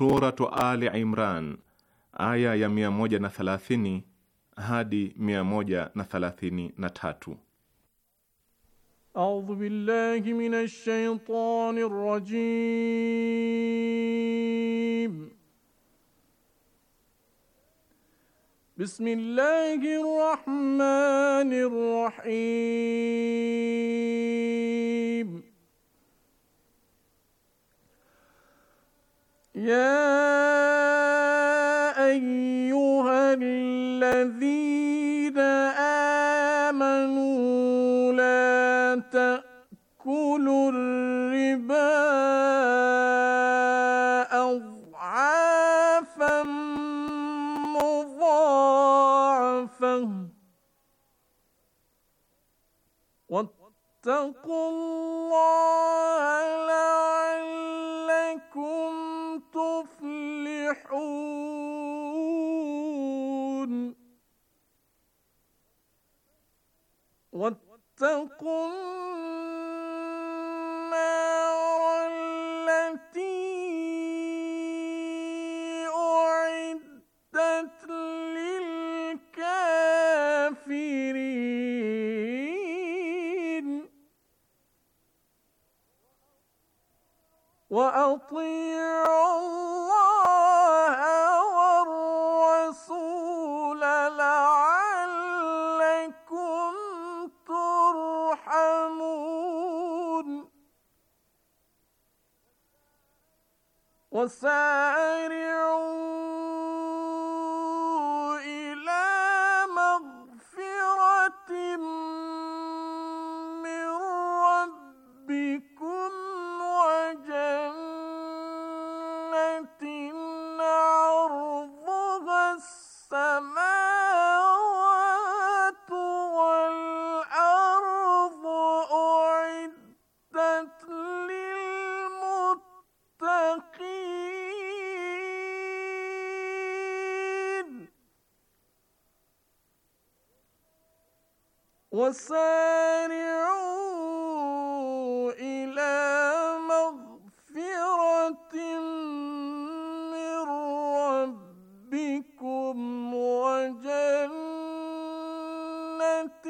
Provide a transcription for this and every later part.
Suratu Ali Imran aya ya 130 hadi 133. A'udhu billahi minash shaitani rajim. Bismillahir rahmanir rahim Yeah. وسارعوا إلى مغفرة من ربكم وجنة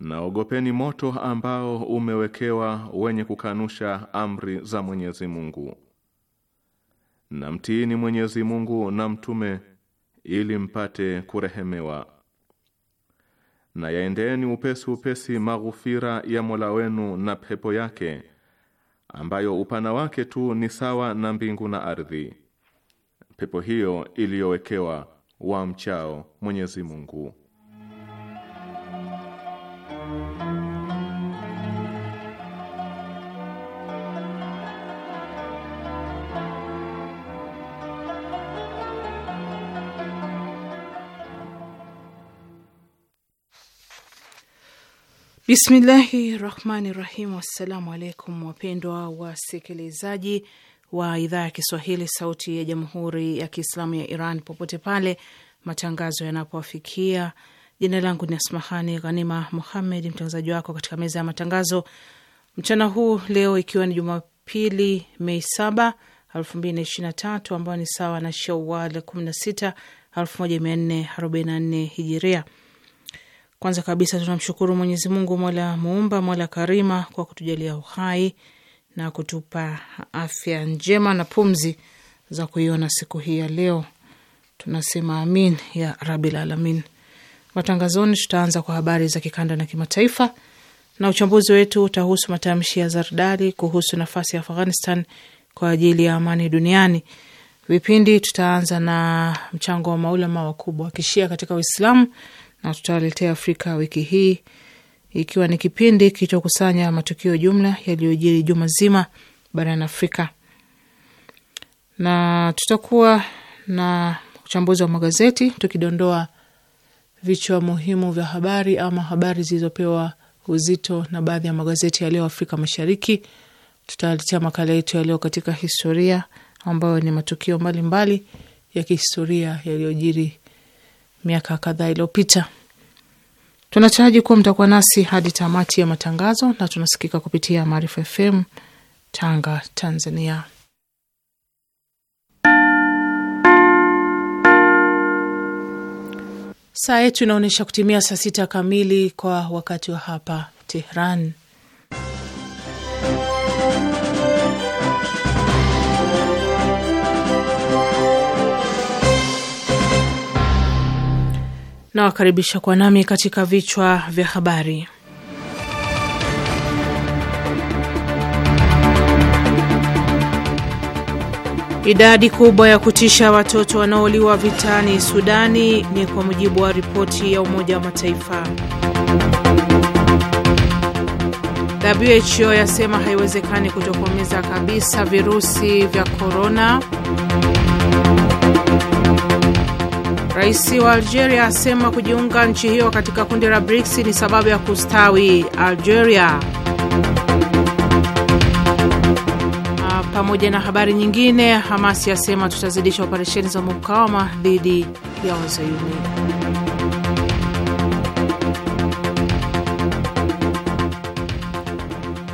Naogopeni moto ambao umewekewa wenye kukanusha amri za Mwenyezi Mungu. Na mtiini Mwenyezi Mungu na mtume ili mpate kurehemewa. Na yaendeeni upesi upesi maghufira ya Mola wenu na pepo yake ambayo upana wake tu ni sawa na mbingu na ardhi. Pepo hiyo iliyowekewa wamchao Mwenyezi Mungu. Bismillahi rahmani rahim. Wassalamu alaikum, wapendwa wasikilizaji wa idhaa ya Kiswahili sauti ya jamhuri ya Kiislamu ya Iran popote pale matangazo yanapowafikia. Jina langu ni Asmahani Ghanima Muhammed, mtangazaji wako katika meza ya matangazo mchana huu leo, ikiwa ni Jumapili Mei saba elfu mbili na na tatu ambayo ni sawa na Shawal kumi na sita moja mia nne arobaini na nne hijiria kwanza kabisa tunamshukuru Mwenyezi Mungu, mola muumba, mola karima, kwa kutujalia uhai na kutupa afya njema na pumzi za kuiona siku hii ya leo. Tunasema amin ya rabil alamin. Matangazoni tutaanza kwa habari za kikanda na kimataifa, na uchambuzi wetu utahusu matamshi ya Zardari kuhusu nafasi ya Afghanistan kwa ajili ya amani duniani. Vipindi tutaanza na mchango wa maulama wakubwa wa kishia katika Uislamu na tutawaletea Afrika wiki hii, ikiwa ni kipindi kilichokusanya matukio jumla yaliyojiri juma zima barani Afrika, na tutakuwa na uchambuzi wa magazeti tukidondoa vichwa muhimu vya habari ama habari zilizopewa uzito na baadhi ya magazeti yaliyo Afrika Mashariki. Tutaletea makala yetu yaliyo katika historia, ambayo ni matukio mbalimbali ya kihistoria yaliyojiri miaka kadhaa iliyopita. Tunataraji kuwa mtakuwa nasi hadi tamati ya matangazo, na tunasikika kupitia Maarifa FM Tanga, Tanzania. Saa yetu inaonyesha kutimia saa sita kamili kwa wakati wa hapa Tehran. nawakaribisha kwa nami katika vichwa vya habari. Idadi kubwa ya kutisha watoto wanaouliwa vitani Sudani ni kwa mujibu wa ripoti ya Umoja wa Mataifa. WHO yasema haiwezekani kutokomeza kabisa virusi vya korona. Rais wa Algeria asema kujiunga nchi hiyo katika kundi la BRICS ni sababu ya kustawi Algeria. Pamoja na habari nyingine, Hamas yasema tutazidisha operesheni za mukawama dhidi ya Wazayuni.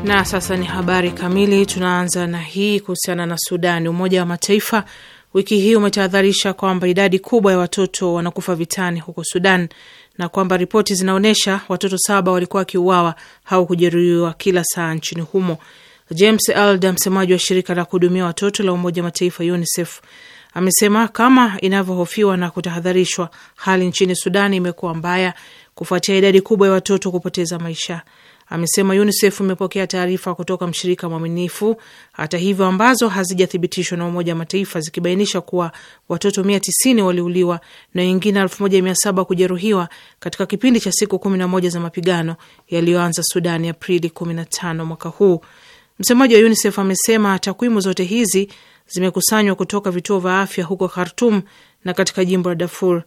Na sasa ni habari kamili. Tunaanza na hii kuhusiana na Sudani. Umoja wa Mataifa wiki hii umetahadharisha kwamba idadi kubwa ya watoto wanakufa vitani huko Sudan na kwamba ripoti zinaonyesha watoto saba walikuwa wakiuawa au kujeruhiwa kila saa nchini humo. James Alda, msemaji wa shirika la kuhudumia watoto la Umoja wa Mataifa UNICEF, amesema kama inavyohofiwa na kutahadharishwa, hali nchini Sudan imekuwa mbaya kufuatia idadi kubwa ya watoto kupoteza maisha amesema UNICEF imepokea taarifa kutoka mshirika mwaminifu, hata hivyo, ambazo hazijathibitishwa na Umoja wa Mataifa zikibainisha kuwa watoto 190 waliuliwa na wengine 1700 kujeruhiwa katika kipindi cha siku 11 za mapigano yaliyoanza Sudani Aprili 15 mwaka huu. Msemaji wa UNICEF amesema takwimu zote hizi zimekusanywa kutoka vituo vya afya huko Khartum na katika jimbo la Darfur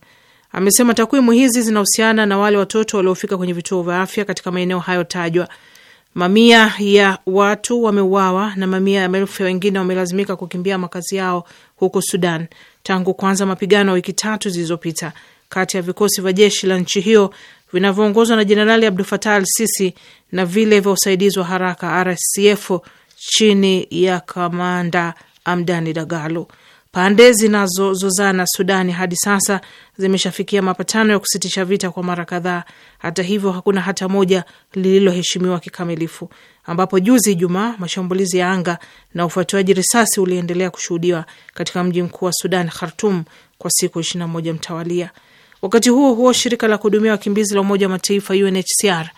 Amesema takwimu hizi zinahusiana na wale watoto waliofika kwenye vituo vya afya katika maeneo hayo tajwa. Mamia ya watu wameuawa na mamia ya maelfu wengine wamelazimika kukimbia makazi yao huko Sudan tangu kuanza mapigano wiki tatu zilizopita kati ya vikosi vya jeshi la nchi hiyo vinavyoongozwa na Jenerali Abdul Fatah al Sisi na vile vya usaidizi wa haraka RSF chini ya kamanda Amdani Dagalo. Pande zinazozozana Sudani hadi sasa zimeshafikia mapatano ya kusitisha vita kwa mara kadhaa. Hata hivyo, hakuna hata moja lililoheshimiwa kikamilifu, ambapo juzi Ijumaa mashambulizi ya anga na ufuatiwaji risasi uliendelea kushuhudiwa katika mji mkuu wa Sudan, Khartum, kwa siku 21 mtawalia. Wakati huo huo, shirika la kuhudumia wakimbizi la Umoja wa Mataifa UNHCR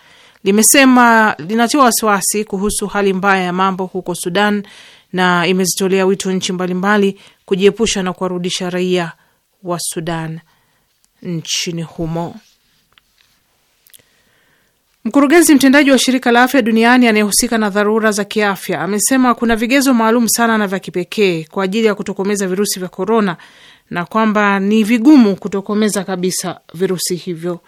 limesema linatoa wasiwasi kuhusu hali mbaya ya mambo huko Sudan na imezitolea wito nchi mbalimbali kujiepusha na kuwarudisha raia wa Sudan nchini humo. Mkurugenzi mtendaji wa shirika la afya duniani anayehusika na dharura za kiafya amesema kuna vigezo maalum sana na vya kipekee kwa ajili ya kutokomeza virusi vya korona na kwamba ni vigumu kutokomeza kabisa virusi hivyo.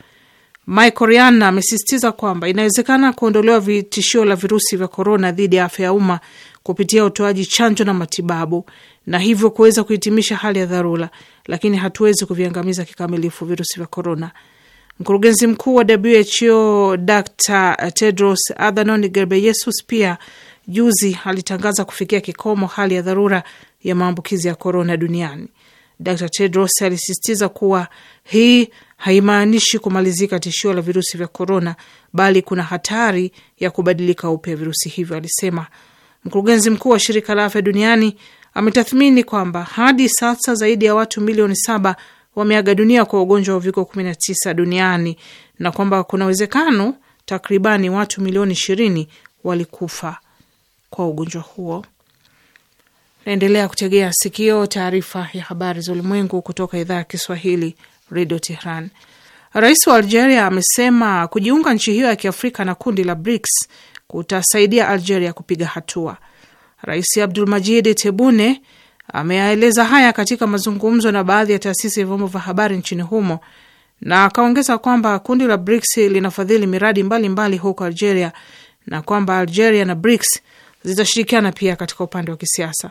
Michael Ryan amesisitiza kwamba inawezekana kuondolewa vitishio la virusi vya korona dhidi ya afya ya umma kupitia utoaji chanjo na matibabu na hivyo kuweza kuhitimisha hali ya dharura, lakini hatuwezi kuviangamiza kikamilifu virusi vya korona. Mkurugenzi mkuu wa WHO Dr Tedros Adhanom Ghebreyesus pia juzi alitangaza kufikia kikomo hali ya dharura ya maambukizi ya korona duniani. Dr Tedros alisisitiza kuwa hii haimaanishi kumalizika tishio la virusi vya korona, bali kuna hatari ya kubadilika upya virusi hivyo, alisema. Mkurugenzi mkuu wa shirika la afya duniani ametathmini kwamba hadi sasa zaidi ya watu milioni saba wameaga dunia kwa ugonjwa wa uviko 19 duniani na kwamba kuna uwezekano takribani watu milioni ishirini walikufa kwa ugonjwa huo. Naendelea kutegea sikio taarifa ya habari za ulimwengu kutoka idhaa ya Kiswahili, Redio Tehran. Rais wa Algeria amesema kujiunga nchi hiyo ya kiafrika na kundi la BRICS kutasaidia Algeria kupiga hatua. Rais Abdul Majid Tebune ameyaeleza haya katika mazungumzo na baadhi ya taasisi ya vyombo vya habari nchini humo na akaongeza kwamba kundi la BRICS linafadhili miradi mbalimbali huko Algeria na kwamba Algeria na BRICS zitashirikiana pia katika upande wa kisiasa.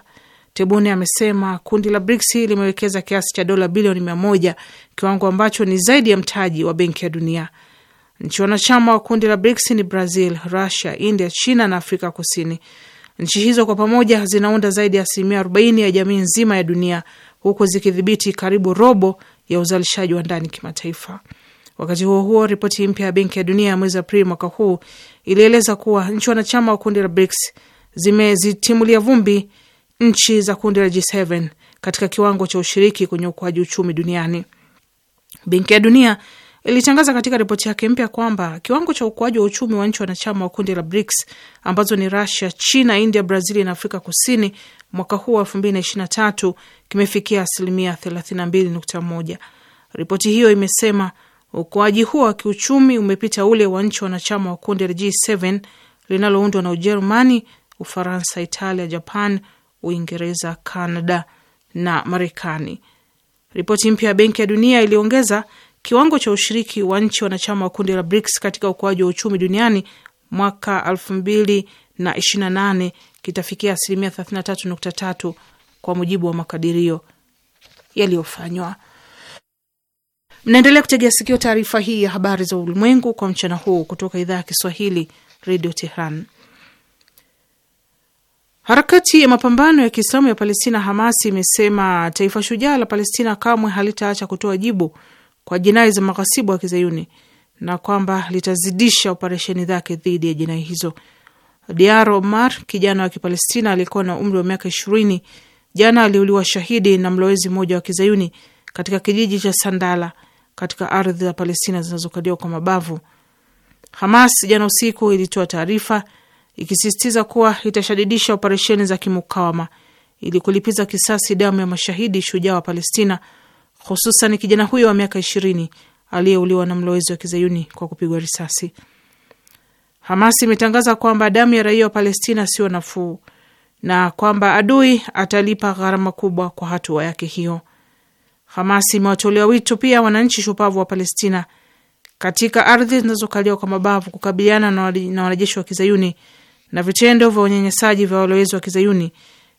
Tebune amesema kundi la BRICS limewekeza kiasi cha dola bilioni mia moja, kiwango ambacho ni zaidi ya mtaji wa Benki ya Dunia. Nchi wanachama wa kundi la BRICS ni Brazil, Russia, India, China na Afrika Kusini. Nchi hizo kwa pamoja zinaunda zaidi ya asilimia 40 ya jamii nzima ya dunia huku zikidhibiti karibu robo ya uzalishaji wa ndani kimataifa. Wakati huo huo, ripoti mpya ya Benki ya Dunia ya mwezi Aprili mwaka huu ilieleza kuwa nchi wanachama wa kundi la BRICS zimezitimulia vumbi nchi za kundi la G7 katika kiwango cha ushiriki kwenye ukuaji uchumi duniani. Benki ya Dunia ilitangaza katika ripoti yake mpya kwamba kiwango cha ukuaji wa uchumi wa nchi wanachama wa kundi la BRICS ambazo ni Russia, China, India, Brazil na Afrika Kusini mwaka huu wa 2023 kimefikia asilimia 32.1. Ripoti hiyo imesema ukuaji huo wa kiuchumi umepita ule wa nchi wanachama wa kundi la G7 linaloundwa na Ujerumani, Ufaransa, Italia, Japan, Uingereza, Canada na Marekani. Ripoti mpya ya Benki ya Dunia iliongeza Kiwango cha ushiriki wa nchi wanachama wa kundi la BRICS katika ukuaji wa uchumi duniani mwaka 2028 kitafikia asilimia 33.3 kwa mujibu wa makadirio yaliyofanywa. Mnaendelea kutegea sikio taarifa hii ya habari za ulimwengu kwa mchana huu kutoka idhaa ya Kiswahili, Radio Tehran. Harakati ya mapambano ya Kiislamu ya Palestina, Hamas, imesema taifa shujaa la Palestina kamwe halitaacha kutoa jibu kwa jinai za maghasibu wa kizayuni na kwamba litazidisha operesheni zake dhidi ya jinai hizo. Dr Omar, kijana wa Kipalestina aliyekuwa na umri wa miaka ishirini, jana aliuliwa shahidi na mlowezi mmoja wa kizayuni katika kijiji cha Sandala katika ardhi za Palestina zinazokaliwa kwa mabavu. Hamas jana usiku ilitoa taarifa ikisisitiza kuwa itashadidisha operesheni za kimukawama ili kulipiza kisasi damu ya mashahidi shujaa wa Palestina hususan kijana huyo wa miaka ishirini aliyeuliwa na mlowezi wa kizayuni kwa kupigwa risasi. Hamas imetangaza kwamba damu ya raia wa Palestina sio nafuu na kwamba adui atalipa gharama kubwa kwa hatua yake hiyo. Hamas imewatolea wito pia wananchi shupavu wa Palestina katika ardhi zinazokaliwa kwa mabavu kukabiliana na wanajeshi wa kizayuni na vitendo vya unyanyasaji vya walowezi wa kizayuni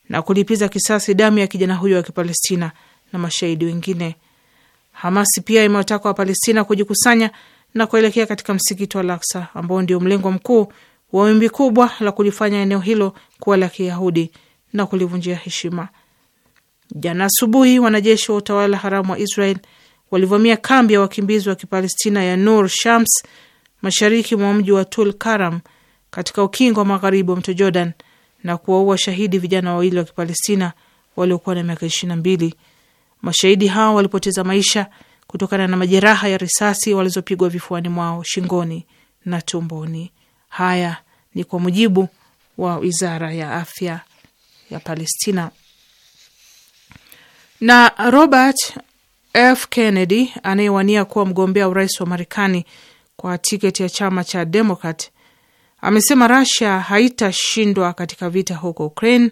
na kulipiza kisasi damu ya kijana huyo wa Kipalestina na mashahidi wengine. Hamasi pia imewataka Wapalestina kujikusanya na kuelekea katika msikiti wa laksa ambao ndio mlengo mkuu wa wimbi kubwa la kulifanya eneo hilo kuwa la Kiyahudi na kulivunjia heshima. Jana asubuhi, wanajeshi wa utawala haramu wa Israel walivamia kambi ya wakimbizi wa Kipalestina ya Nur Shams mashariki mwa mji wa Tul Karam katika ukingo wa magharibi wa mto Jordan na kuwaua shahidi vijana wawili wa Kipalestina waliokuwa na miaka ishirini na mbili Mashahidi hao walipoteza maisha kutokana na majeraha ya risasi walizopigwa vifuani mwao, shingoni na tumboni. Haya ni kwa mujibu wa wizara ya afya ya Palestina. Na Robert F Kennedy anayewania kuwa mgombea urais wa Marekani kwa tiketi ya chama cha Demokrat amesema rasia haitashindwa katika vita huko Ukraine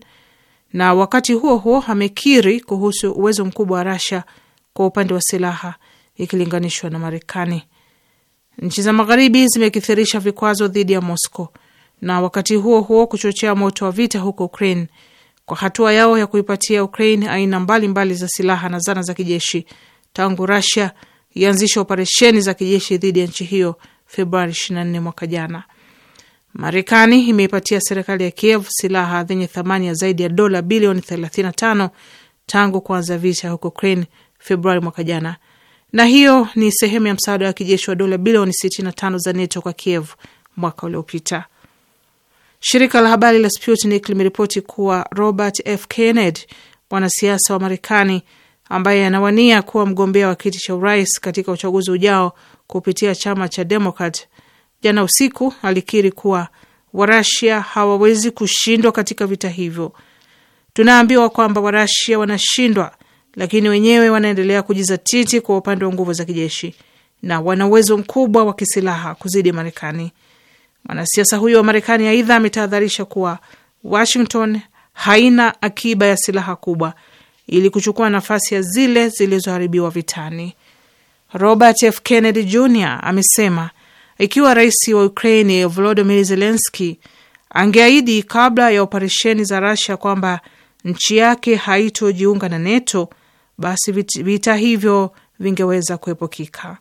na wakati huo huo amekiri kuhusu uwezo mkubwa wa rasia kwa upande wa silaha ikilinganishwa na Marekani. Nchi za Magharibi zimekithirisha vikwazo dhidi ya Moscow na wakati huo huo kuchochea moto wa vita huko Ukraine kwa hatua yao ya kuipatia Ukraine aina mbalimbali mbali za silaha na zana za kijeshi tangu rasia ianzisha operesheni za kijeshi dhidi ya nchi hiyo Februari 24 mwaka jana. Marekani imeipatia serikali ya Kiev silaha zenye thamani ya zaidi ya dola bilioni 35 tangu kuanza vita huko Ukraine Februari mwaka jana, na hiyo ni sehemu ya msaada wa kijeshi wa dola bilioni 65 za NATO kwa Kiev mwaka uliopita. Shirika la habari la Sputnik limeripoti kuwa Robert F Kennedy, mwanasiasa wa Marekani ambaye anawania kuwa mgombea wa kiti cha urais katika uchaguzi ujao kupitia chama cha Demokrat, Jana usiku alikiri kuwa Warasia hawawezi kushindwa katika vita hivyo. Tunaambiwa kwamba Warasia wanashindwa, lakini wenyewe wanaendelea kujizatiti kwa upande wa nguvu za kijeshi na wana uwezo mkubwa wa kisilaha kuzidi Marekani. Mwanasiasa huyo wa Marekani aidha ametahadharisha kuwa Washington haina akiba ya silaha kubwa ili kuchukua nafasi ya zile zilizoharibiwa vitani. Robert F Kennedy Jr amesema ikiwa rais wa Ukraini Volodymyr Zelensky angeahidi kabla ya operesheni za Russia kwamba nchi yake haitojiunga na NATO, basi vita hivyo vingeweza kuepukika.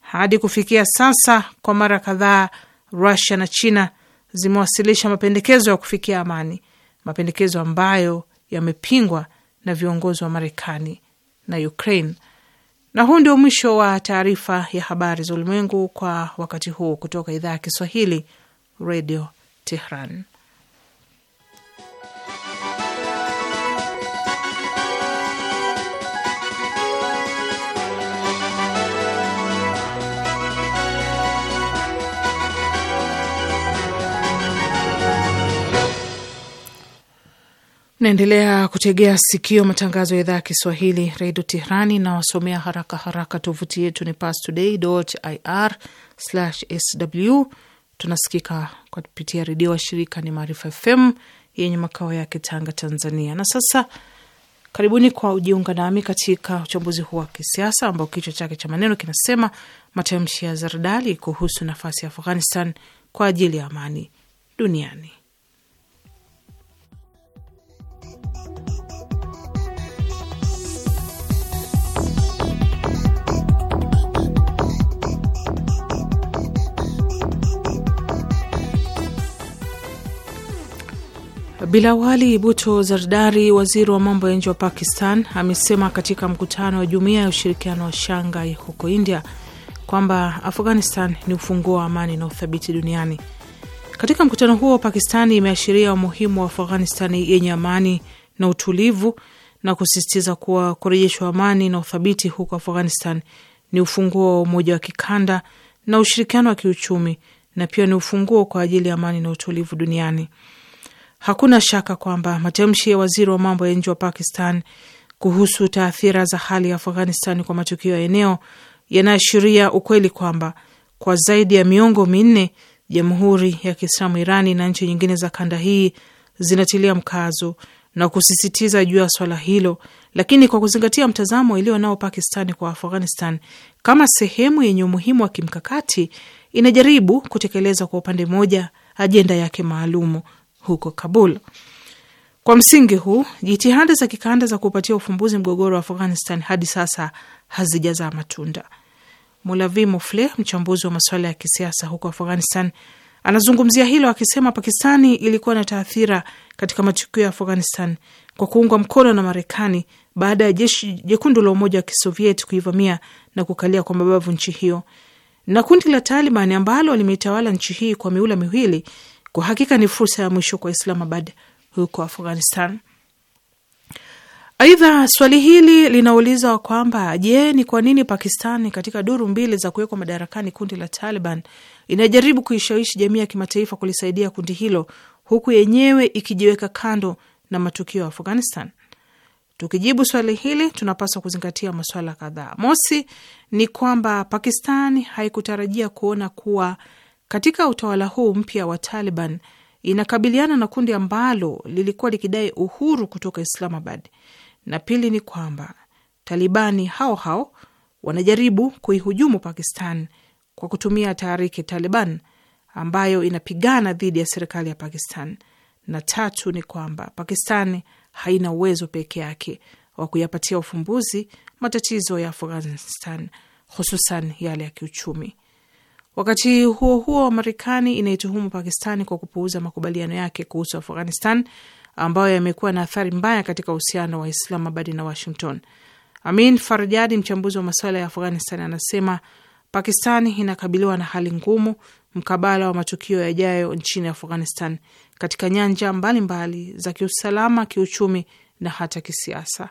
Hadi kufikia sasa, kwa mara kadhaa Russia na China zimewasilisha mapendekezo ya kufikia amani, mapendekezo ambayo yamepingwa na viongozi wa Marekani na Ukraine. Na huu ndio mwisho wa taarifa ya habari za ulimwengu kwa wakati huu kutoka idhaa ya Kiswahili, Redio Tehran. Naendelea kutegea sikio matangazo ya idhaa ya Kiswahili redio Tehrani. Nawasomea haraka haraka, tovuti yetu ni pastoday.ir/sw. Tunasikika kupitia redio wa shirika ni Maarifa FM yenye makao yake Tanga, Tanzania. Na sasa karibuni kwa ujiunga nami katika uchambuzi huu wa kisiasa ambao kichwa chake cha maneno kinasema matamshi ya Zardali kuhusu nafasi ya Afghanistan kwa ajili ya amani duniani. Bilawali buto Zardari, waziri wa mambo ya nje wa Pakistan, amesema katika mkutano wa Jumuiya ya Ushirikiano wa Shanghai huko India kwamba Afghanistan ni ufunguo wa amani na uthabiti duniani. Katika mkutano huo, Pakistani imeashiria umuhimu wa Afghanistani yenye amani na utulivu na kusisitiza kuwa kurejeshwa amani na uthabiti huko Afghanistan ni ufunguo wa umoja wa kikanda na ushirikiano wa kiuchumi na pia ni ufunguo kwa ajili ya amani na utulivu duniani. Hakuna shaka kwamba matamshi ya waziri wa mambo ya nje wa Pakistan kuhusu taathira za hali ya Afghanistan kwa matukio ya eneo yanaashiria ukweli kwamba kwa zaidi ya miongo minne Jamhuri ya Kiislamu Irani na nchi nyingine za kanda hii zinatilia mkazo na kusisitiza juu ya swala hilo, lakini kwa kuzingatia mtazamo iliyo nao Pakistani kwa Afghanistan kama sehemu yenye umuhimu wa kimkakati, inajaribu kutekeleza kwa upande mmoja ajenda yake maalumu huko Kabul. Kwa msingi huu, jitihada za kikanda za kupatia ufumbuzi mgogoro wa Afghanistan hadi sasa hazijazaa matunda. Mulavi Mofle, mchambuzi wa masuala ya kisiasa huko Afghanistan, Anazungumzia hilo akisema Pakistani ilikuwa na taathira katika matukio ya Afghanistan kwa kuungwa mkono na Marekani baada ya jeshi jekundu la Umoja wa Kisovieti kuivamia na kukalia kwa mabavu nchi hiyo. Na kundi la Taliban ambalo limetawala nchi hii kwa miula miwili, kwa hakika ni fursa ya mwisho kwa Islamabad huko Afghanistan. Aidha, swali hili linauliza kwamba je, ni kwa nini Pakistani katika duru mbili za kuwekwa madarakani kundi la Taliban inajaribu kuishawishi jamii ya kimataifa kulisaidia kundi hilo huku yenyewe ikijiweka kando na matukio ya Afghanistan. Tukijibu swali hili, tunapaswa kuzingatia masuala kadhaa. Mosi ni kwamba Pakistan haikutarajia kuona kuwa katika utawala huu mpya wa Taliban inakabiliana na kundi ambalo lilikuwa likidai uhuru kutoka Islamabad, na pili ni kwamba Talibani hao hao wanajaribu kuihujumu Pakistan kwa kutumia taariki Taliban ambayo inapigana dhidi ya serikali ya Pakistan, na tatu ni kwamba Pakistani haina uwezo peke yake wa kuyapatia ufumbuzi matatizo ya Afghanistan, hususan yale ya kiuchumi. Wakati huo huo, Marekani inaituhumu Pakistani kwa kupuuza makubaliano yake kuhusu Afghanistan ambayo yamekuwa na athari mbaya katika uhusiano wa Islamabad na Washington. Amin Farjadi, mchambuzi wa masuala ya Afghanistan, anasema Pakistani inakabiliwa na hali ngumu mkabala wa matukio yajayo nchini Afghanistan katika nyanja mbalimbali mbali za kiusalama, kiuchumi na hata kisiasa.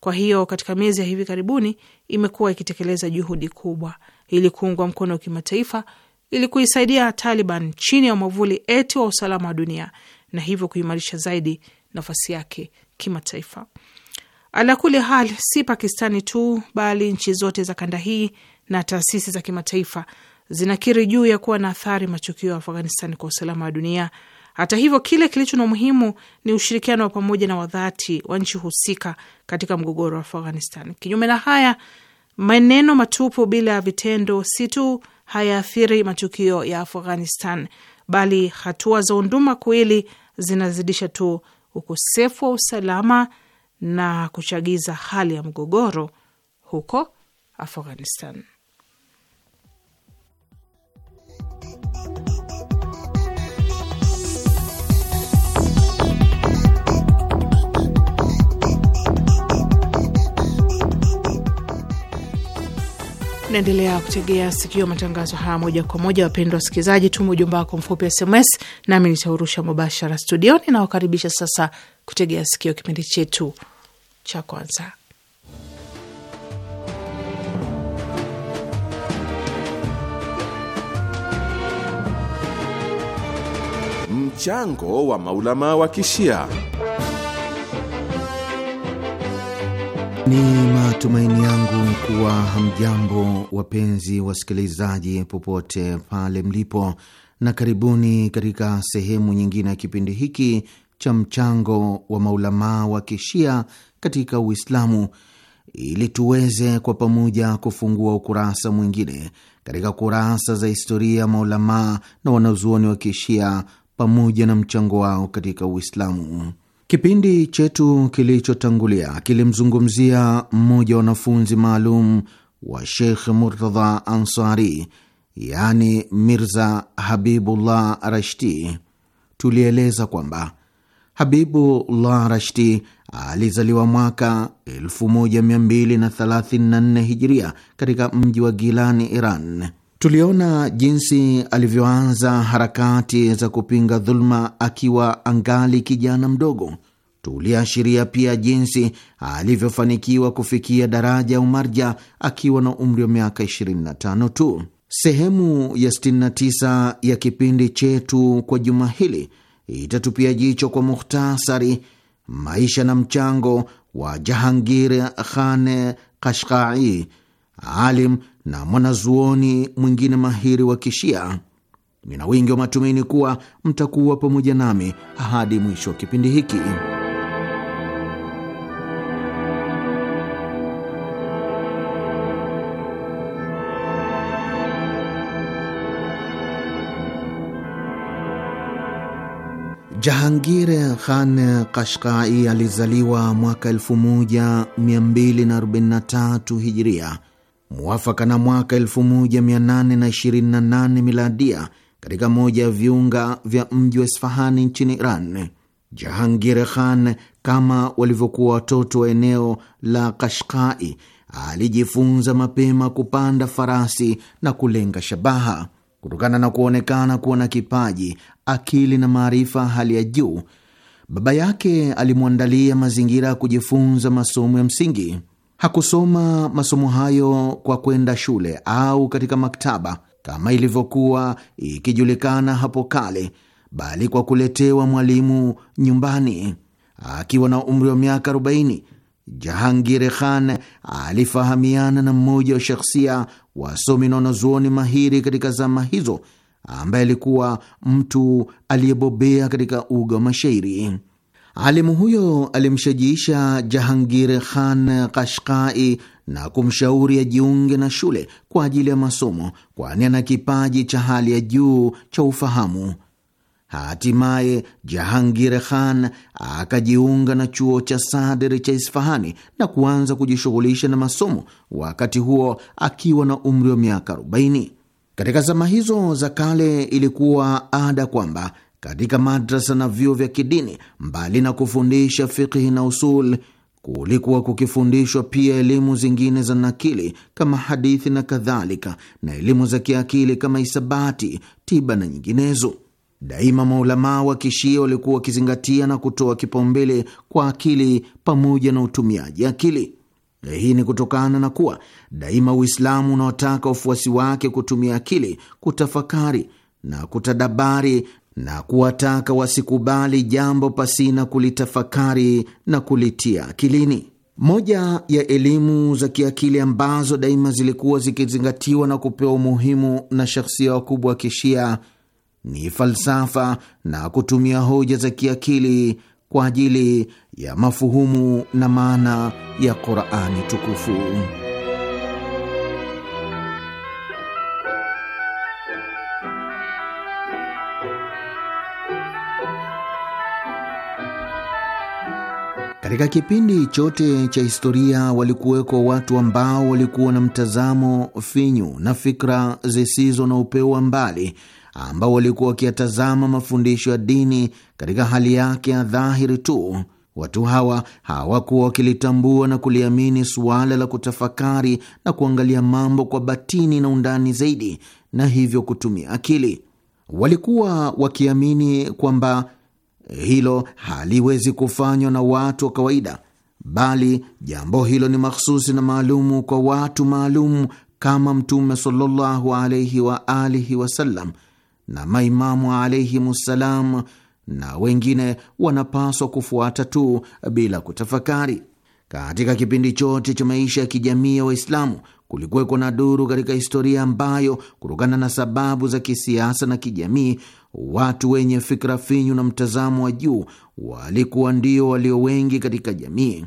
Kwa hiyo katika miezi ya hivi karibuni imekuwa ikitekeleza juhudi kubwa ili kuungwa mkono wa kimataifa ili kuisaidia Taliban chini ya mwavuli eti wa usalama wa dunia na hivyo kuimarisha zaidi nafasi yake kimataifa. Alakuli hal, si Pakistani tu bali nchi zote za kanda hii na taasisi za kimataifa zinakiri juu ya kuwa na athari matukio ya Afghanistan kwa usalama wa dunia. Hata hivyo, kile kilicho na umuhimu ni ushirikiano wa pamoja na wadhati wa nchi husika katika mgogoro wa Afghanistan. Kinyume na haya, maneno matupu bila ya vitendo si tu hayaathiri matukio ya Afghanistan, bali hatua za unduma kuili zinazidisha tu ukosefu wa usalama na kuchagiza hali ya mgogoro huko Afghanistan. Naendelea kutegea sikio matangazo haya moja kwa moja. Wapendwa wasikilizaji, tume ujumbe wako mfupi SMS nami nitaurusha mubashara studioni. Nawakaribisha sasa kutegea sikio kipindi chetu cha kwanza. mchango wa maulama wa Kishia. Ni matumaini yangu kuwa hamjambo, wapenzi wasikilizaji, popote pale mlipo, na karibuni katika sehemu nyingine ya kipindi hiki cha mchango wa maulamaa wa Kishia katika Uislamu, ili tuweze kwa pamoja kufungua ukurasa mwingine katika kurasa za historia ya maulamaa na wanazuoni wa Kishia pamoja na mchango wao katika Uislamu. Kipindi chetu kilichotangulia kilimzungumzia mmoja wa wanafunzi maalum wa Sheikh Murtadha Ansari, yaani Mirza Habibullah Rashti. Tulieleza kwamba Habibullah Rashti alizaliwa mwaka 1234 Hijria katika mji wa Gilani, Iran. Tuliona jinsi alivyoanza harakati za kupinga dhuluma akiwa angali kijana mdogo. Tuliashiria pia jinsi alivyofanikiwa kufikia daraja ya umarja akiwa na umri wa miaka 25 tu. Sehemu ya 69 ya kipindi chetu kwa juma hili itatupia jicho kwa muhtasari maisha na mchango wa Jahangir Khan Kashkai, alim na mwanazuoni mwingine mahiri wa Kishia. Nina wingi wa matumaini kuwa mtakuwa pamoja nami hadi mwisho wa kipindi hiki. Jahangir Khan Kashkai alizaliwa mwaka 1243 Hijiria, muwafaka na mwaka 1828 miladia, katika moja ya viunga vya mji wa Isfahani nchini Iran, Jahangir Khan kama walivyokuwa watoto wa eneo la Kashkai alijifunza mapema kupanda farasi na kulenga shabaha. Kutokana na kuonekana kuwa na kipaji, akili na maarifa hali ya juu, baba yake alimwandalia mazingira ya kujifunza masomo ya msingi. Hakusoma masomo hayo kwa kwenda shule au katika maktaba kama ilivyokuwa ikijulikana hapo kale, bali kwa kuletewa mwalimu nyumbani. Akiwa na umri wa miaka 40 Jahangire Khan alifahamiana na mmoja wa shakhsia wasomi na wanazuoni mahiri katika zama hizo ambaye alikuwa mtu aliyebobea katika uga wa mashairi. Alimu huyo alimshajiisha Jahangir Khan Kashkai na kumshauri ajiunge na shule kwa ajili ya masomo, kwani ana kipaji cha hali ya juu cha ufahamu. Hatimaye Jahangir Khan akajiunga na chuo cha Sadri cha Isfahani na kuanza kujishughulisha na masomo, wakati huo akiwa na umri wa miaka 40. Katika zama hizo za kale, ilikuwa ada kwamba katika madrasa na vyuo vya kidini, mbali na kufundisha fikhi na usul, kulikuwa kukifundishwa pia elimu zingine za nakili kama hadithi na kadhalika, na elimu za kiakili kama hisabati, tiba na nyinginezo. Daima maulamaa wa kishia walikuwa wakizingatia na kutoa kipaumbele kwa akili pamoja na utumiaji akili. Hii ni kutokana na kuwa daima Uislamu unaotaka wafuasi wake kutumia akili kutafakari na kutadabari na kuwataka wasikubali jambo pasina kulitafakari na kulitia akilini. Moja ya elimu za kiakili ambazo daima zilikuwa zikizingatiwa na kupewa umuhimu na shakhsia wakubwa wa kishia ni falsafa na kutumia hoja za kiakili kwa ajili ya mafuhumu na maana ya Qurani tukufu. Katika kipindi chote cha historia walikuweko watu ambao walikuwa na mtazamo finyu na fikra zisizo na upeo wa mbali, ambao walikuwa wakiyatazama mafundisho ya dini katika hali yake ya dhahiri tu. Watu hawa hawakuwa wakilitambua na kuliamini suala la kutafakari na kuangalia mambo kwa batini na undani zaidi, na hivyo kutumia akili. Walikuwa wakiamini kwamba hilo haliwezi kufanywa na watu wa kawaida, bali jambo hilo ni makhususi na maalumu kwa watu maalum kama Mtume sallallahu alaihi wa alihi wasallam na maimamu alaihimussalam, na wengine wanapaswa kufuata tu bila kutafakari. Katika kipindi chote cha maisha ya kijamii ya Waislamu, kulikuweko na duru katika historia ambayo kutokana na sababu za kisiasa na kijamii, watu wenye fikra finyu na mtazamo wa juu walikuwa ndio walio wengi katika jamii.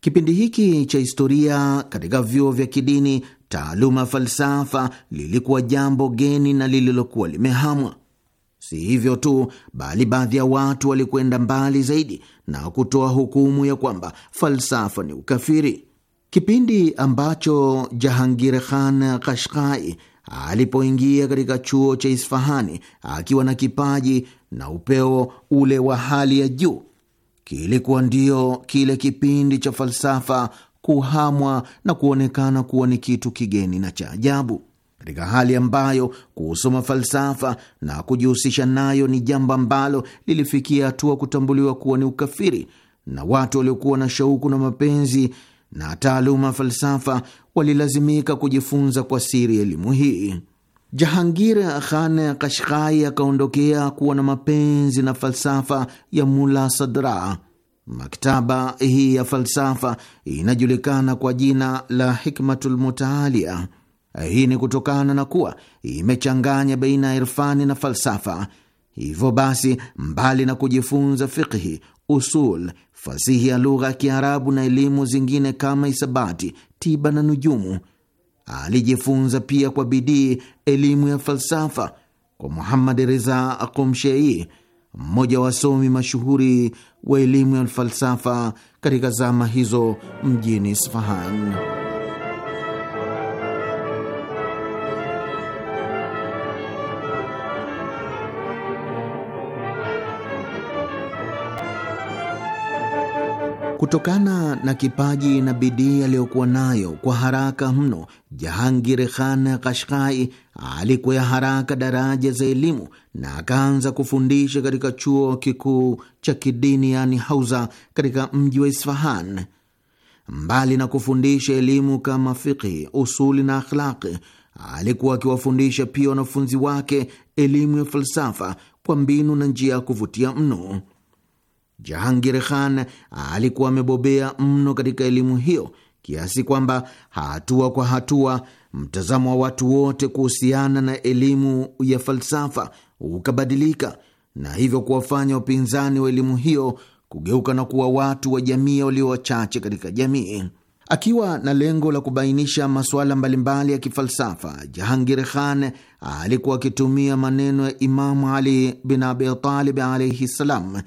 Kipindi hiki cha historia katika vyuo vya kidini, taaluma falsafa lilikuwa jambo geni na lililokuwa limehamwa. Si hivyo tu, bali baadhi ya watu walikwenda mbali zaidi na kutoa hukumu ya kwamba falsafa ni ukafiri. Kipindi ambacho Jahangir Khan Kashkai alipoingia katika chuo cha Isfahani akiwa na kipaji na upeo ule wa hali ya juu, kilikuwa ndio kile kipindi cha falsafa kuhamwa na kuonekana kuwa ni kitu kigeni na cha ajabu, katika hali ambayo kusoma falsafa na kujihusisha nayo ni jambo ambalo lilifikia hatua kutambuliwa kuwa ni ukafiri, na watu waliokuwa na shauku na mapenzi na taaluma falsafa walilazimika kujifunza kwa siri elimu hii. Jahangir Khan Kashkai akaondokea kuwa na mapenzi na falsafa ya Mula Sadra. Maktaba hii ya falsafa inajulikana kwa jina la Hikmatul Mutaalia. Hii ni kutokana na kuwa imechanganya baina ya irfani na falsafa. Hivyo basi, mbali na kujifunza fikhi, usul, fasihi ya lugha ya Kiarabu na elimu zingine kama isabati tiba na nujumu. Alijifunza pia kwa bidii elimu ya falsafa kwa Muhammad Reza Akomshei, mmoja wa wasomi mashuhuri wa elimu ya falsafa katika zama hizo mjini Isfahan. Kutokana na kipaji na bidii aliyokuwa nayo kwa haraka mno, Jahangir Khan Kashkai alikwea haraka daraja za elimu na akaanza kufundisha katika chuo kikuu cha kidini yani Hauza katika mji wa Isfahan. Mbali na kufundisha elimu kama fiqhi, usuli na akhlaqi, alikuwa akiwafundisha pia wanafunzi wake elimu ya falsafa kwa mbinu na njia ya kuvutia mno. Jahangir Khan alikuwa amebobea mno katika elimu hiyo kiasi kwamba hatua kwa hatua mtazamo wa watu wote kuhusiana na elimu ya falsafa ukabadilika na hivyo kuwafanya wapinzani wa elimu hiyo kugeuka na kuwa watu wa jamii walio wachache katika jamii. Akiwa na lengo la kubainisha masuala mbalimbali ya kifalsafa, Jahangir Khan alikuwa akitumia maneno ya Imamu Ali bin Abi Talib alaihi ssalam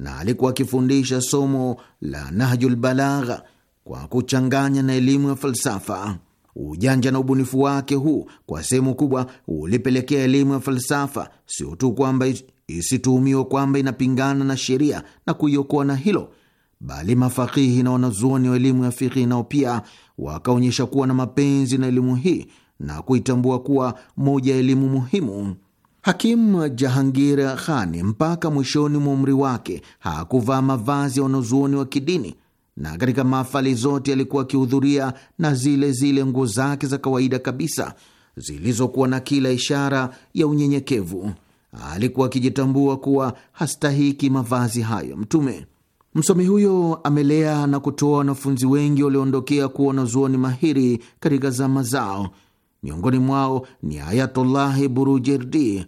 na alikuwa akifundisha somo la Nahjul Balagha kwa kuchanganya na elimu ya falsafa. Ujanja na ubunifu wake huu kwa sehemu kubwa ulipelekea elimu ya falsafa sio tu kwamba isituhumiwa kwamba inapingana na sheria na kuiokoa na hilo, bali mafakihi na wanazuoni wa elimu ya fikhi nao pia wakaonyesha kuwa na mapenzi na elimu hii na kuitambua kuwa moja ya elimu muhimu. Hakim Jahangir khan mpaka mwishoni mwa umri wake hakuvaa mavazi ya wanazuoni wa kidini, na katika mahafali zote alikuwa akihudhuria na zile zile nguo zake za kawaida kabisa zilizokuwa na kila ishara ya unyenyekevu. Alikuwa akijitambua kuwa hastahiki mavazi hayo Mtume. Msomi huyo amelea na kutoa wanafunzi wengi walioondokea kuwa wanazuoni mahiri katika zama zao Miongoni mwao ni Ayatullahi Burujerdi,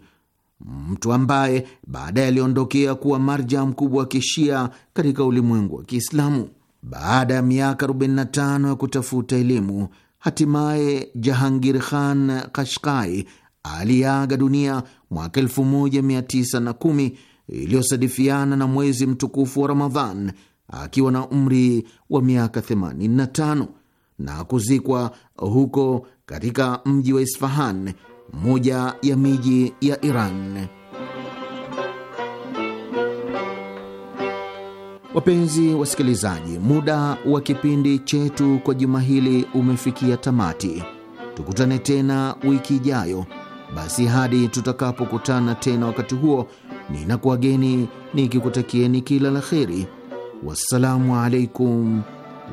mtu ambaye baadaye aliondokea kuwa marja mkubwa wa kishia katika ulimwengu wa Kiislamu. Baada ya miaka 45 ya kutafuta elimu, hatimaye Jahangir Khan Kashkai aliaga dunia mwaka 1910 iliyosadifiana na mwezi mtukufu wa Ramadhan akiwa na umri wa miaka 85 na kuzikwa huko katika mji wa Isfahan, moja ya miji ya Iran. Wapenzi wasikilizaji, muda wa kipindi chetu kwa juma hili umefikia tamati. Tukutane tena wiki ijayo. Basi hadi tutakapokutana tena, wakati huo ninakuwageni nikikutakieni kila la kheri. Wassalamu alaikum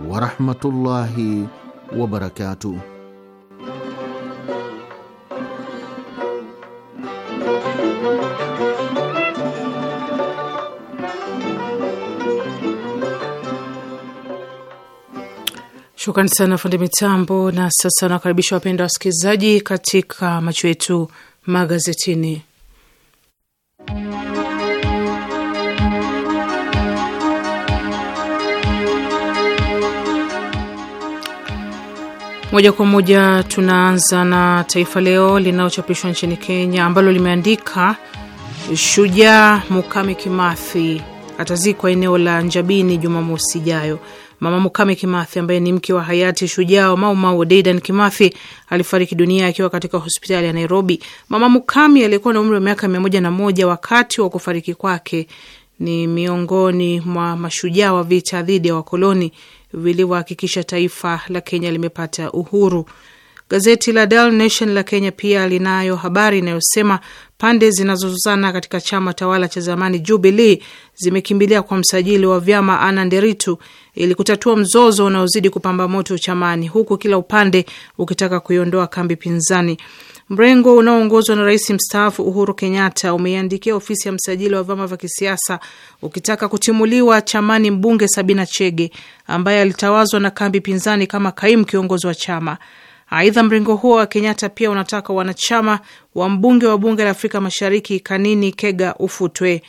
warahmatullahi wabarakatuh. Shukrani sana fundi mitambo. Na sasa nawakaribisha wapenda wasikilizaji katika macho yetu magazetini. Moja kwa moja tunaanza na Taifa Leo linalochapishwa nchini Kenya, ambalo limeandika shujaa Mukami Kimathi atazikwa eneo la Njabini Jumamosi ijayo. Mama Mukame Kimathi ambaye ni mke wa hayati shujaa wa Maumau Dedan Kimathi alifariki dunia akiwa katika hospitali ya Nairobi. Mama Mukami aliyekuwa na umri wa miaka mia moja na moja wakati wa kufariki kwake ni miongoni mwa mashujaa wa vita dhidi ya wakoloni vilivyohakikisha taifa la Kenya limepata uhuru. Gazeti la Daily Nation la Kenya pia linayo habari inayosema pande zinazozozana katika chama tawala cha zamani Jubilee zimekimbilia kwa msajili wa vyama Nderitu ili kutatua mzozo unaozidi kupamba moto chamani, huku kila upande ukitaka kuiondoa kambi pinzani. Mrengo unaoongozwa na rais mstaafu Uhuru Kenyatta umeiandikia ofisi ya msajili wa vyama vya kisiasa ukitaka kutimuliwa chamani mbunge Sabina Chege ambaye alitawazwa na kambi pinzani kama kaimu kiongozi wa chama. Aidha, mrengo huo wa Kenyatta pia unataka wanachama wa mbunge wa bunge la Afrika Mashariki Kanini Kega ufutwe.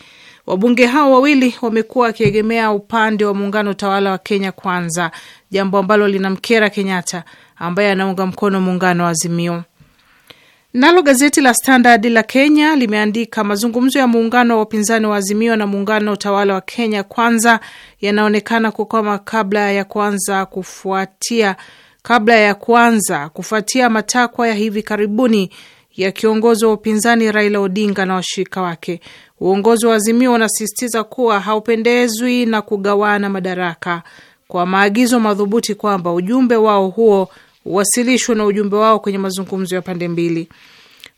Wabunge hao wawili wamekuwa wakiegemea upande wa muungano tawala wa Kenya Kwanza, jambo ambalo linamkera Kenyatta ambaye anaunga mkono muungano wa Azimio. Nalo gazeti la Standard la Kenya limeandika mazungumzo ya muungano wa upinzani wa Azimio na muungano utawala wa Kenya Kwanza yanaonekana kukoma kabla ya kuanza kufuatia kabla ya kuanza kufuatia matakwa ya hivi karibuni ya kiongozi wa upinzani Raila Odinga na washirika wake. Uongozi wa Azimio unasisitiza kuwa haupendezwi na kugawana madaraka, kwa maagizo madhubuti kwamba ujumbe wao huo uwasilishwe na ujumbe wao kwenye mazungumzo ya pande mbili.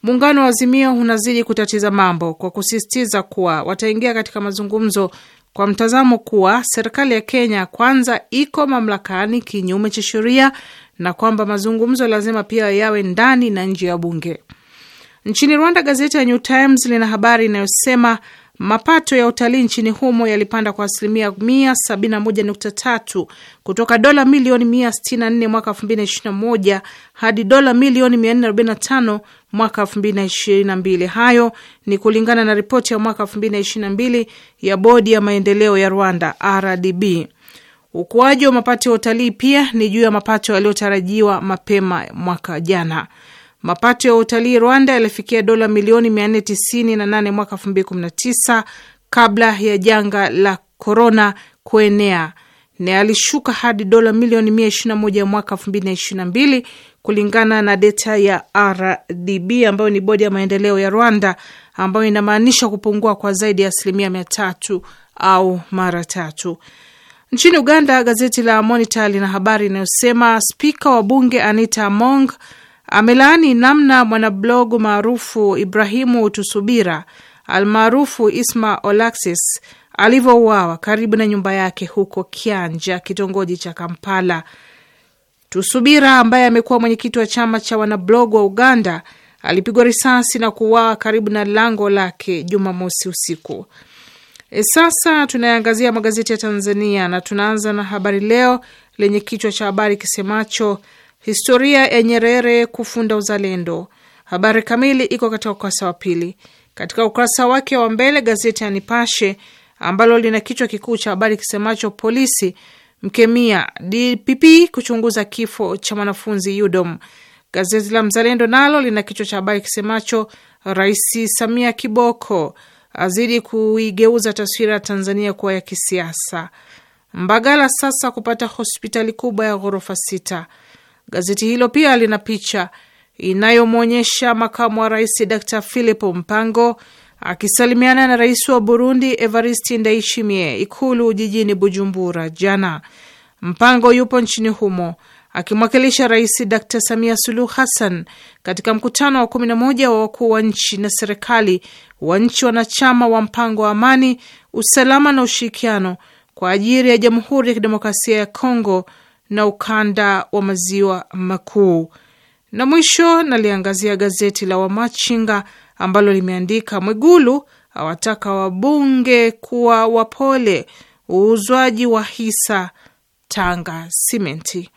Muungano wa Azimio unazidi kutatiza mambo kwa kusisitiza kuwa wataingia katika mazungumzo kwa mtazamo kuwa serikali ya Kenya kwanza iko mamlakani kinyume cha sheria na kwamba mazungumzo lazima pia yawe ndani na nje ya bunge. Nchini Rwanda, gazeti ya New Times lina habari inayosema mapato ya utalii nchini humo yalipanda kwa asilimia 171.3 kutoka dola milioni 164 mwaka 2021 hadi dola milioni 445 mwaka 2022. Hayo ni kulingana na ripoti ya mwaka 2022 ya bodi ya maendeleo ya Rwanda, RDB. Ukuaji wa mapato ya utalii pia ni juu ya mapato yaliyotarajiwa mapema mwaka jana. Mapato ya utalii Rwanda yalifikia dola milioni 498 mwaka 2019 kabla ya janga la korona kuenea na yalishuka hadi dola milioni 121 mwaka 2022 kulingana na data ya RDB ambayo ni bodi ya maendeleo ya Rwanda ambayo inamaanisha kupungua kwa zaidi ya asilimia mia tatu au mara tatu. Nchini Uganda, gazeti la Monitor lina habari inayosema spika wa bunge Anita Among amelaani namna mwanablogu maarufu Ibrahimu Tusubira almaarufu Isma Olaxis alivyouawa karibu na nyumba yake huko Kianja, kitongoji cha Kampala. Tusubira ambaye amekuwa mwenyekiti wa chama cha wanablogu wa Uganda alipigwa risasi na kuuawa karibu na lango lake Jumamosi usiku. E, sasa tunayangazia magazeti ya Tanzania na tunaanza na Habari Leo lenye kichwa cha habari kisemacho Historia ya Nyerere kufunda uzalendo. Habari kamili iko katika ukurasa wa pili. Katika ukurasa wake wa mbele, gazeti ya Nipashe ambalo lina kichwa kikuu cha habari kisemacho polisi mkemia DPP kuchunguza kifo cha mwanafunzi UDOM. Gazeti la Mzalendo nalo lina kichwa cha habari kisemacho Rais Samia Kiboko azidi kuigeuza taswira ya Tanzania kuwa ya kisiasa. Mbagala sasa kupata hospitali kubwa ya ghorofa sita. Gazeti hilo pia lina picha inayomwonyesha makamu wa rais Dr Philip Mpango akisalimiana na rais wa Burundi Evariste Ndayishimiye ikulu jijini Bujumbura jana. Mpango yupo nchini humo akimwakilisha rais Dr Samia Suluhu Hassan katika mkutano wa 11 wa wakuu wa nchi na serikali wa nchi wanachama wa mpango wa amani, usalama na ushirikiano kwa ajili ya Jamhuri ya Kidemokrasia ya Kongo na ukanda wa maziwa makuu. Na mwisho naliangazia gazeti la Wamachinga ambalo limeandika Mwigulu awataka wabunge kuwa wapole, uuzwaji wa hisa Tanga Simenti.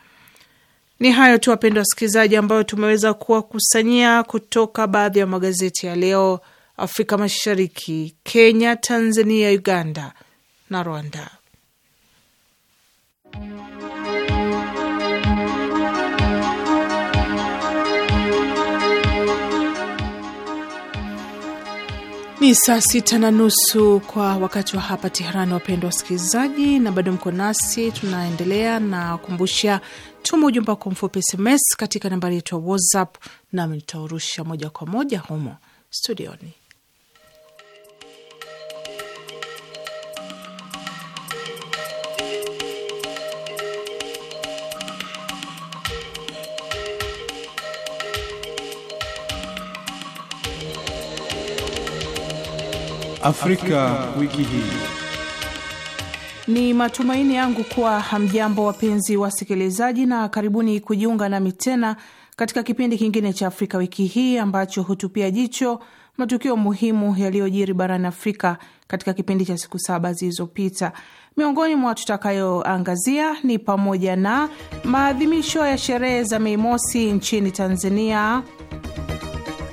Ni hayo tu wapendwa wasikilizaji, ambayo tumeweza kuwakusanyia kutoka baadhi ya magazeti ya leo Afrika Mashariki, Kenya, Tanzania, Uganda na Rwanda. Ni saa sita na nusu kwa wakati wa hapa Teherani, wapendwa wasikilizaji, na bado mko nasi. Tunaendelea na kukumbusha, tuma ujumbe wako mfupi SMS katika nambari yetu ya WhatsApp, nami nitaurusha moja kwa moja humo studioni. Afrika, wiki hii. Ni matumaini yangu kuwa hamjambo wapenzi wasikilizaji, na karibuni kujiunga nami tena katika kipindi kingine cha Afrika wiki hii ambacho hutupia jicho matukio muhimu yaliyojiri barani Afrika katika kipindi cha siku saba zilizopita. Miongoni mwa tutakayoangazia ni pamoja na maadhimisho ya sherehe za Mei Mosi nchini Tanzania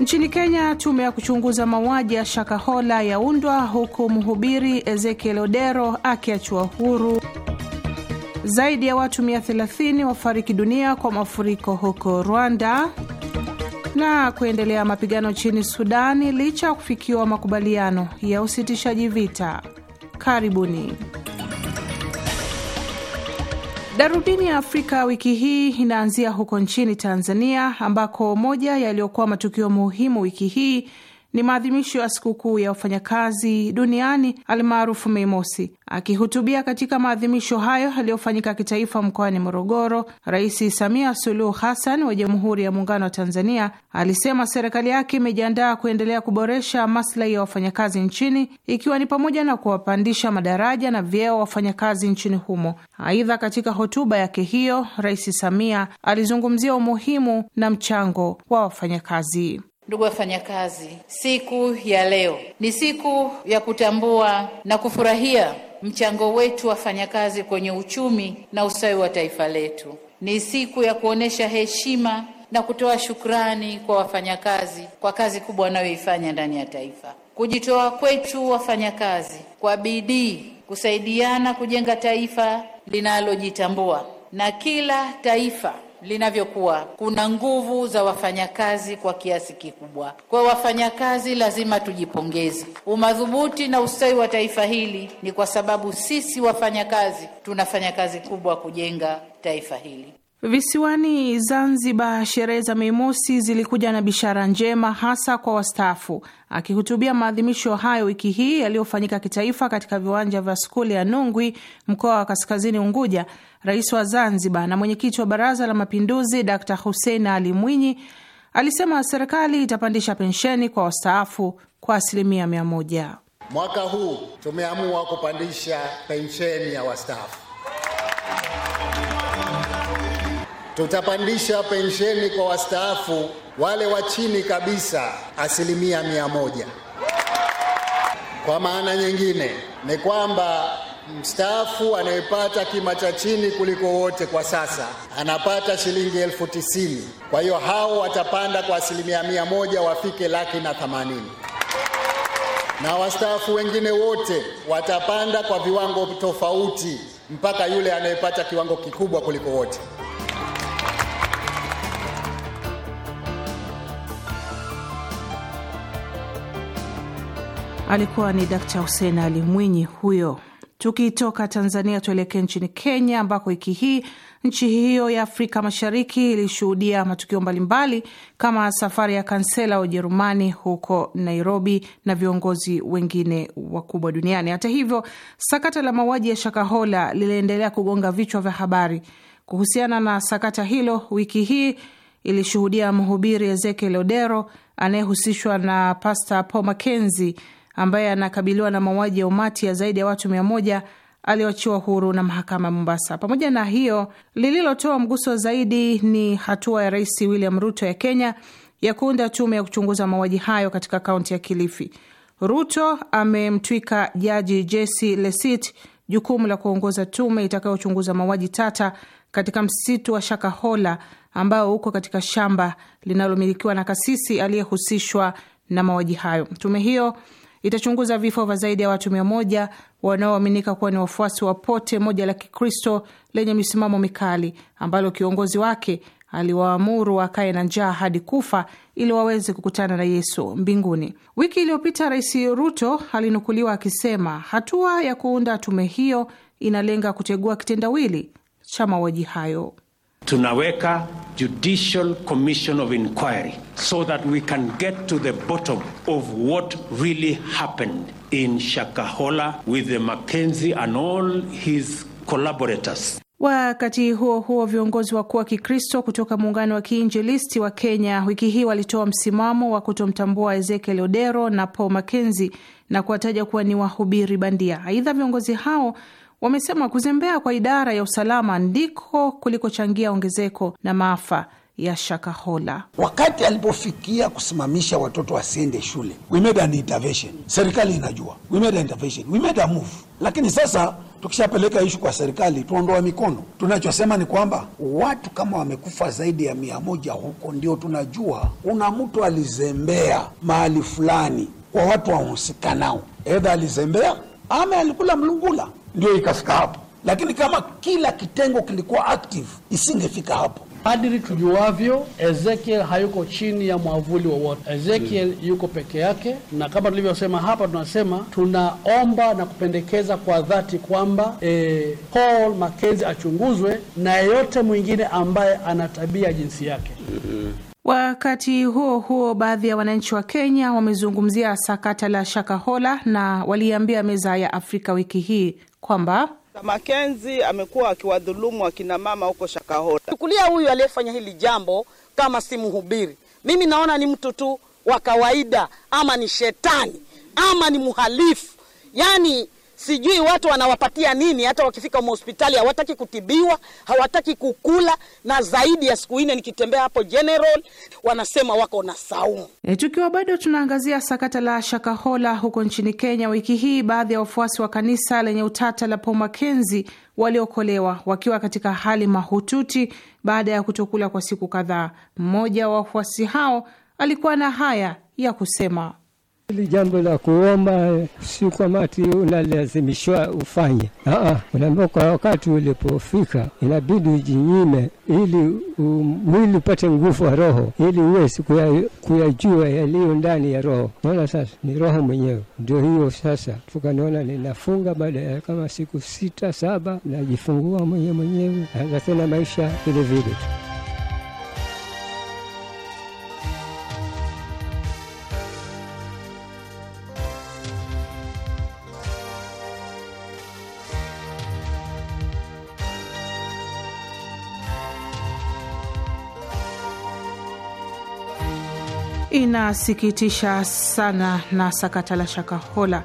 Nchini Kenya, tume ya kuchunguza mauaji ya Shakahola yaundwa huku mhubiri Ezekiel Odero akiachua huru. Zaidi ya watu 130 wafariki dunia kwa mafuriko huko Rwanda, na kuendelea mapigano nchini Sudani licha ya kufikiwa makubaliano ya usitishaji vita. Karibuni. Darubini ya Afrika wiki hii inaanzia huko nchini Tanzania, ambako moja yaliyokuwa matukio muhimu wiki hii ni maadhimisho ya sikukuu ya wafanyakazi duniani almaarufu Mei Mosi. Akihutubia katika maadhimisho hayo yaliyofanyika kitaifa mkoani Morogoro, Rais Samia Suluhu Hassan wa Jamhuri ya Muungano wa Tanzania alisema serikali yake imejiandaa kuendelea kuboresha maslahi ya wafanyakazi nchini, ikiwa ni pamoja na kuwapandisha madaraja na vyeo wafanyakazi nchini humo. Aidha, katika hotuba yake hiyo, Rais Samia alizungumzia umuhimu na mchango wa wafanyakazi. Ndugu wafanyakazi, siku ya leo ni siku ya kutambua na kufurahia mchango wetu wafanyakazi kwenye uchumi na ustawi wa taifa letu. Ni siku ya kuonyesha heshima na kutoa shukrani kwa wafanyakazi kwa kazi kubwa wanayoifanya ndani ya taifa. Kujitoa kwetu wafanyakazi kwa bidii kusaidiana kujenga taifa linalojitambua na kila taifa linavyokuwa, kuna nguvu za wafanyakazi kwa kiasi kikubwa. Kwa wafanyakazi lazima tujipongeze. Umadhubuti na ustawi wa taifa hili ni kwa sababu sisi wafanyakazi tunafanya kazi kubwa kujenga taifa hili. Visiwani Zanzibar, sherehe za Mei Mosi zilikuja na bishara njema, hasa kwa wastaafu. Akihutubia maadhimisho hayo wiki hii yaliyofanyika kitaifa katika viwanja vya skuli ya Nungwi, mkoa wa Kaskazini Unguja, rais wa Zanzibar na mwenyekiti wa Baraza la Mapinduzi Dr Hussein Ali Mwinyi alisema serikali itapandisha pensheni kwa wastaafu kwa asilimia mia moja. Mwaka huu tumeamua kupandisha pensheni ya wastaafu. Tutapandisha pensheni kwa wastaafu wale wa chini kabisa asilimia mia moja. Kwa maana nyingine ni kwamba mstaafu anayepata kima cha chini kuliko wote kwa sasa anapata shilingi elfu tisini. Kwa hiyo hao watapanda kwa asilimia mia moja wafike laki na themanini na wastaafu wengine wote watapanda kwa viwango tofauti mpaka yule anayepata kiwango kikubwa kuliko wote. Alikuwa ni Dkt. Hussein Ali Mwinyi huyo. Tukitoka Tanzania tuelekee nchini Kenya, ambako wiki hii nchi hiyo ya Afrika Mashariki ilishuhudia matukio mbalimbali kama safari ya kansela wa Ujerumani huko Nairobi na viongozi wengine wakubwa duniani. Hata hivyo, sakata la mauaji ya Shakahola liliendelea kugonga vichwa vya habari. Kuhusiana na sakata hilo, wiki hii ilishuhudia mhubiri Ezekiel Odero anayehusishwa na Pasta Paul Mackenzie ambaye anakabiliwa na mauaji ya umati ya zaidi ya watu mia moja aliyoachiwa huru na mahakama ya Mombasa. Pamoja na hiyo, lililotoa mguso zaidi ni hatua ya Rais William Ruto ya Kenya ya kuunda tume ya kuchunguza mauaji hayo katika kaunti ya Kilifi. Ruto amemtwika Jaji Jesi Lesit jukumu la kuongoza tume itakayochunguza mauaji tata katika msitu wa Shakahola ambao uko katika shamba linalomilikiwa na kasisi aliyehusishwa na mauaji hayo. Tume hiyo itachunguza vifo vya zaidi ya watu mia moja wanaoaminika kuwa ni wafuasi wa pote moja la Kikristo lenye misimamo mikali ambalo kiongozi wake aliwaamuru wakae na njaa hadi kufa ili waweze kukutana na Yesu mbinguni. Wiki iliyopita Rais Ruto alinukuliwa akisema hatua ya kuunda tume hiyo inalenga kutegua kitendawili cha mauaji hayo tunaweka Judicial Commission of Inquiry so that we can get to the bottom of what really happened in Shakahola with the Mackenzie and all his collaborators. Wakati huo huo, viongozi wakuu wa Kikristo kutoka muungano wa kiinjilisti wa Kenya wiki hii walitoa msimamo wa kutomtambua Ezekiel Odero na Paul Mackenzie na kuwataja kuwa ni wahubiri bandia. Aidha, viongozi hao wamesema kuzembea kwa idara ya usalama ndiko kulikochangia ongezeko na maafa ya Shakahola. Wakati alipofikia kusimamisha watoto wasiende shule, we made an intervention, serikali inajua, we made an intervention, we made a move. Lakini sasa tukishapeleka ishu kwa serikali, tuondoa mikono. Tunachosema ni kwamba watu kama wamekufa zaidi ya mia moja huko, ndio tunajua kuna mtu alizembea mahali fulani, kwa watu wahusikanao, edha alizembea ama alikula mlungula ndio ikafika hapo, lakini kama kila kitengo kilikuwa active isingefika hapo. Kadiri tujuavyo, Ezekiel hayuko chini ya mwavuli wowote. Ezekiel mm, yuko peke yake, na kama tulivyosema hapa, tunasema tunaomba na kupendekeza kwa dhati kwamba e, Paul Mackenzie achunguzwe na yeyote mwingine ambaye ana tabia jinsi yake mm. Wakati huo huo, baadhi ya wananchi wa Kenya wamezungumzia sakata la Shakahola na waliambia meza ya Afrika wiki hii kwamba Makenzi amekuwa akiwadhulumu akina mama huko Shakahola. Chukulia huyu aliyefanya hili jambo kama si mhubiri, mimi naona ni mtu tu wa kawaida, ama ni shetani ama ni mhalifu. yani sijui watu wanawapatia nini. Hata wakifika hospitali hawataki kutibiwa, hawataki kukula, na zaidi ya siku nne nikitembea hapo General wanasema wako na saumu. E, tukiwa bado tunaangazia sakata la Shakahola huko nchini Kenya, wiki hii baadhi ya wafuasi wa kanisa lenye utata la Paul Mackenzie waliokolewa wakiwa katika hali mahututi baada ya kutokula kwa siku kadhaa. Mmoja wa wafuasi hao alikuwa na haya ya kusema. Hili jambo la kuomba eh, si kwamba ati unalazimishwa ufanye. Aa, unaambiwa kwa wakati ulipofika inabidi ujinyime, ili mwili upate nguvu ya roho, ili uwezi kuyajua yaliyo ndani ya roho. Naona sasa ni roho mwenyewe ndio hiyo. Sasa tukanaona ninafunga, baada ya kama siku sita saba najifungua mwenyewe mwenyewe, anza tena maisha vilevile. inasikitisha sana na sakata la Shakahola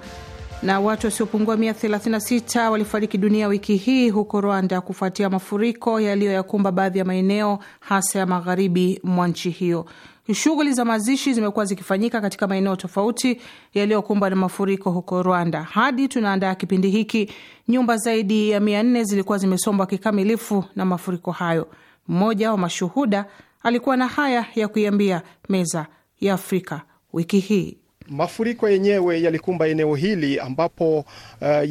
na watu wasiopungua 136 walifariki dunia wiki hii huko Rwanda kufuatia mafuriko yaliyoyakumba baadhi ya maeneo hasa ya magharibi mwa nchi hiyo. Shughuli za mazishi zimekuwa zikifanyika katika maeneo tofauti yaliyokumbwa na mafuriko huko Rwanda. Hadi tunaandaa kipindi hiki, nyumba zaidi ya 400 zilikuwa zimesombwa kikamilifu na mafuriko hayo. Mmoja wa mashuhuda alikuwa na haya ya kuiambia meza ya Afrika wiki hii. Mafuriko yenyewe yalikumba eneo hili ambapo uh,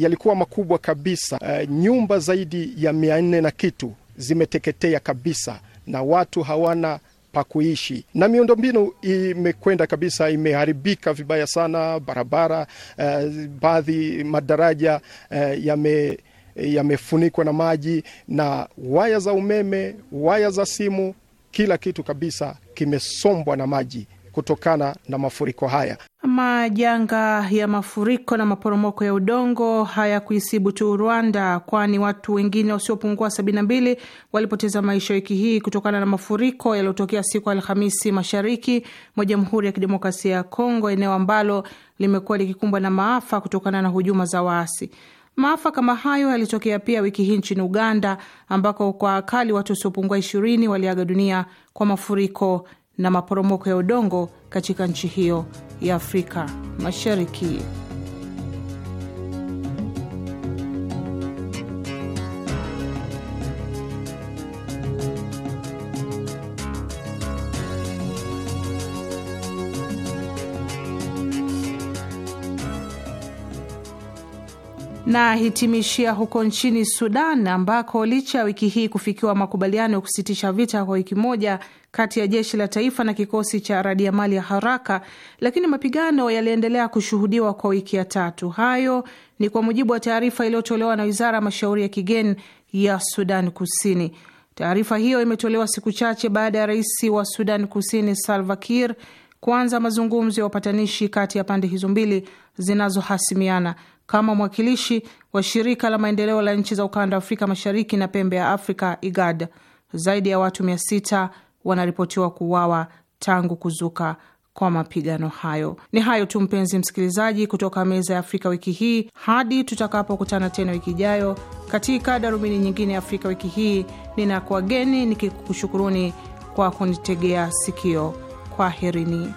yalikuwa makubwa kabisa. Uh, nyumba zaidi ya mia nne na kitu zimeteketea kabisa na watu hawana pa kuishi na miundombinu imekwenda kabisa, imeharibika vibaya sana, barabara uh, baadhi madaraja uh, yame yamefunikwa na maji na waya za umeme, waya za simu, kila kitu kabisa kimesombwa na maji kutokana na mafuriko haya. Majanga ya mafuriko na maporomoko ya udongo hayakuisibu tu Rwanda, kwani watu wengine wasiopungua 72 walipoteza maisha wiki hii kutokana na mafuriko yaliyotokea siku Alhamisi mashariki mwa Jamhuri ya Kidemokrasia ya Kongo, eneo ambalo limekuwa likikumbwa na maafa kutokana na hujuma za waasi. Maafa kama hayo yalitokea pia wiki hii nchini Uganda, ambako kwa akali watu wasiopungua 20 waliaga dunia kwa mafuriko na maporomoko ya udongo katika nchi hiyo ya Afrika Mashariki. na hitimishia huko nchini Sudan ambako licha ya wiki hii kufikiwa makubaliano ya kusitisha vita kwa wiki moja kati ya jeshi la taifa na kikosi cha radiamali ya haraka, lakini mapigano yaliendelea kushuhudiwa kwa wiki ya tatu. Hayo ni kwa mujibu wa taarifa iliyotolewa na wizara ya mashauri ya kigeni ya Sudan Kusini. Taarifa hiyo imetolewa siku chache baada ya rais wa Sudan Kusini Salva Kiir kuanza mazungumzo ya upatanishi kati ya pande hizo mbili zinazohasimiana kama mwakilishi wa shirika la maendeleo la nchi za ukanda wa Afrika Mashariki na pembe ya Afrika, IGAD. Zaidi ya watu sita wanaripotiwa kuuawa tangu kuzuka kwa mapigano hayo. Ni hayo tu, mpenzi msikilizaji, kutoka meza ya Afrika wiki hii, hadi tutakapokutana tena wiki ijayo katika darubini nyingine ya Afrika wiki hii. Ninakuwageni nikikushukuruni kwa kunitegea sikio. Kwaherini.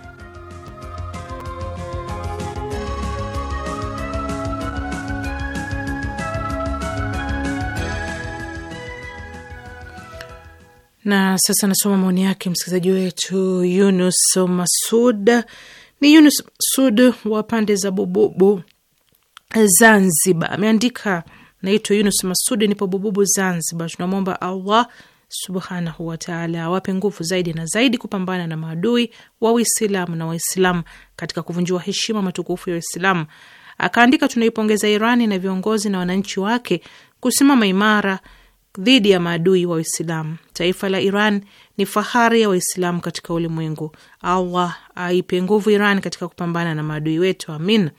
Na sasa nasoma maoni yake msikilizaji wetu Yunus Masud. Ni Yunus Masud wa pande za Bububu, Zanzibar, ameandika naitwa Yunus Masud, nipo Bububu Zanzibar. Tunamwomba Allah subhanahu wataala awape nguvu zaidi na zaidi kupambana na maadui wa Uislamu na Waislamu katika kuvunjiwa heshima matukufu ya Uislamu. Akaandika, tunaipongeza Irani na viongozi na wananchi wake kusimama imara dhidi ya maadui wa Uislamu. Taifa la Iran ni fahari ya Waislamu katika ulimwengu. Allah aipe nguvu Iran katika kupambana na maadui wetu, amin.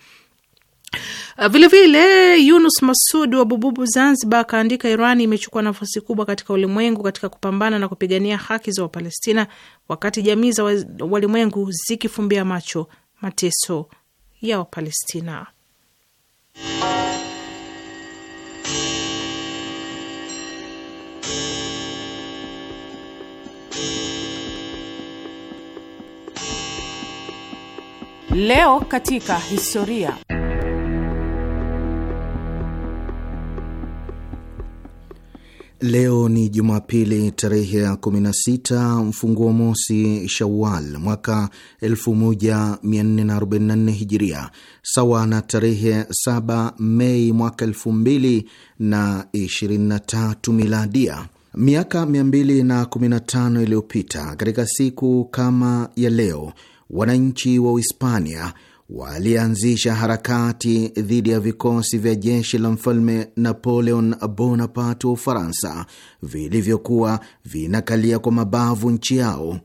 Vilevile ah, Yunus Masud wa Bububu, Zanzibar, akaandika Iran imechukua nafasi kubwa katika ulimwengu katika kupambana na kupigania haki za Wapalestina, wakati jamii za walimwengu zikifumbia macho mateso ya Wapalestina. Leo katika historia. Leo ni Jumapili tarehe ya 16 mfunguo mosi Shawal mwaka 1444 Hijiria, sawa na tarehe 7 Mei mwaka 2023 Miladia. Miaka 215 iliyopita katika siku kama ya leo wananchi wa Uhispania walianzisha harakati dhidi ya vikosi vya jeshi la mfalme Napoleon Bonaparte wa Ufaransa vilivyokuwa vinakalia kwa mabavu nchi yao.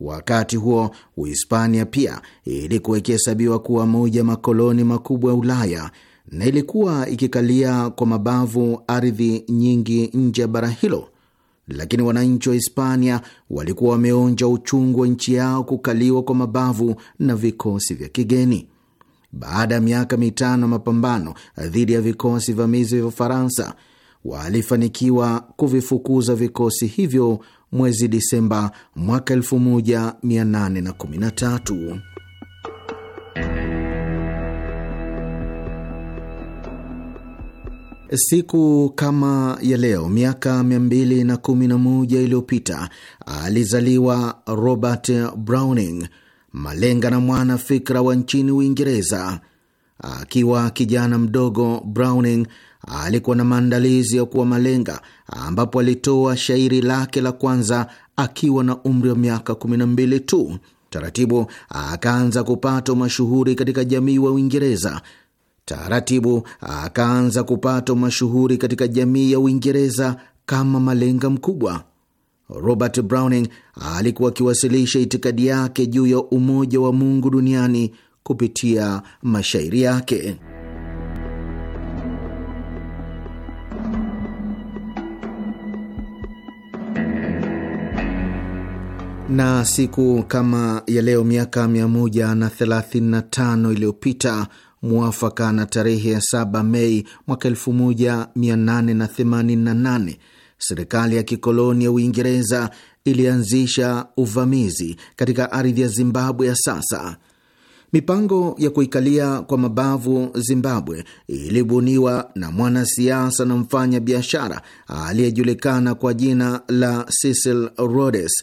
Wakati huo Uhispania pia ilikuwa ikihesabiwa kuwa moja makoloni makubwa ya Ulaya na ilikuwa ikikalia kwa mabavu ardhi nyingi nje ya bara hilo lakini wananchi wa Hispania walikuwa wameonja uchungu wa nchi yao kukaliwa kwa mabavu na vikosi vya kigeni. Baada ya miaka mitano ya mapambano dhidi ya vikosi vamizi vya Ufaransa, walifanikiwa kuvifukuza vikosi hivyo mwezi Disemba mwaka 1813. Siku kama ya leo miaka 211 iliyopita alizaliwa Robert Browning, malenga na mwana fikra wa nchini Uingereza. Akiwa kijana mdogo, Browning alikuwa na maandalizi ya kuwa malenga, ambapo alitoa shairi lake la kwanza akiwa na umri wa miaka 12 tu. Taratibu akaanza kupata mashuhuri katika jamii wa Uingereza Taratibu akaanza kupata mashuhuri katika jamii ya Uingereza kama malenga mkubwa. Robert Browning alikuwa akiwasilisha itikadi yake juu ya umoja wa Mungu duniani kupitia mashairi yake. Na siku kama ya leo miaka 135 iliyopita muafaka na tarehe ya 7 Mei mwaka 1888 serikali ya kikoloni ya Uingereza ilianzisha uvamizi katika ardhi ya Zimbabwe ya sasa. Mipango ya kuikalia kwa mabavu Zimbabwe ilibuniwa na mwanasiasa na mfanya biashara aliyejulikana kwa jina la Cecil Rhodes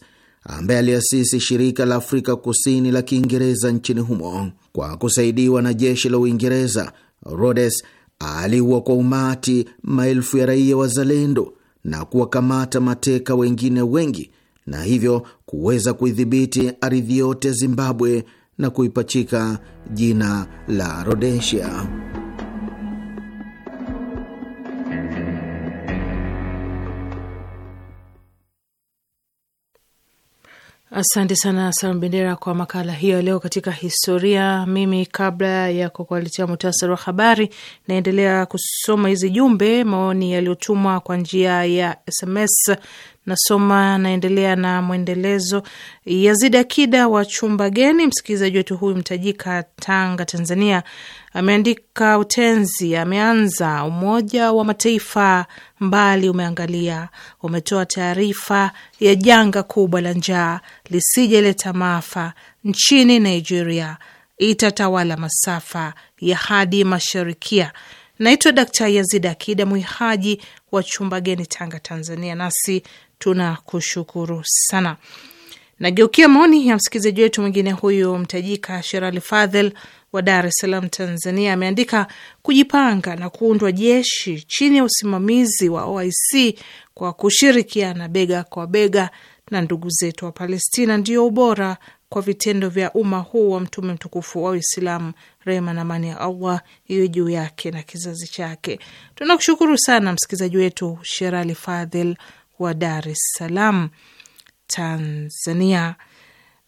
ambaye aliasisi shirika la Afrika Kusini la Kiingereza nchini humo. Kwa kusaidiwa na jeshi la Uingereza, Rhodes aliua kwa umati maelfu ya raia wazalendo na kuwakamata mateka wengine wengi, na hivyo kuweza kuidhibiti ardhi yote ya Zimbabwe na kuipachika jina la Rhodesia. Asante sana Salum Bendera kwa makala hiyo leo katika historia. Mimi kabla ya kukualetea muhtasari wa habari, naendelea kusoma hizi jumbe, maoni yaliyotumwa kwa njia ya SMS. Nasoma naendelea na mwendelezo. Yazid Akida wa chumba geni, msikilizaji wetu huyu mtajika, Tanga, Tanzania, ameandika utenzi. Ameanza Umoja wa Mataifa mbali umeangalia, umetoa taarifa ya janga kubwa la njaa lisijeleta maafa nchini Nigeria, itatawala masafa ya hadi masharikia. Naitwa Dkt Yazid Akida Mwihaji wa chumba geni Tanga, Tanzania. Nasi Tunakushukuru sana. Nageukia maoni ya msikilizaji wetu mwingine huyu mtajika Sherali Fadhel wa Dar es Salaam, Tanzania, ameandika kujipanga na kuundwa jeshi chini ya usimamizi wa OIC kwa kushirikiana bega kwa bega na ndugu zetu wa Palestina ndiyo ubora kwa vitendo vya umma huu wa mtume mtukufu wa Uislamu, rehma na amani ya Allah iwe juu yake na kizazi chake. Tunakushukuru sana msikilizaji wetu Sherali Fadhel wa Dar es Salaam, Tanzania.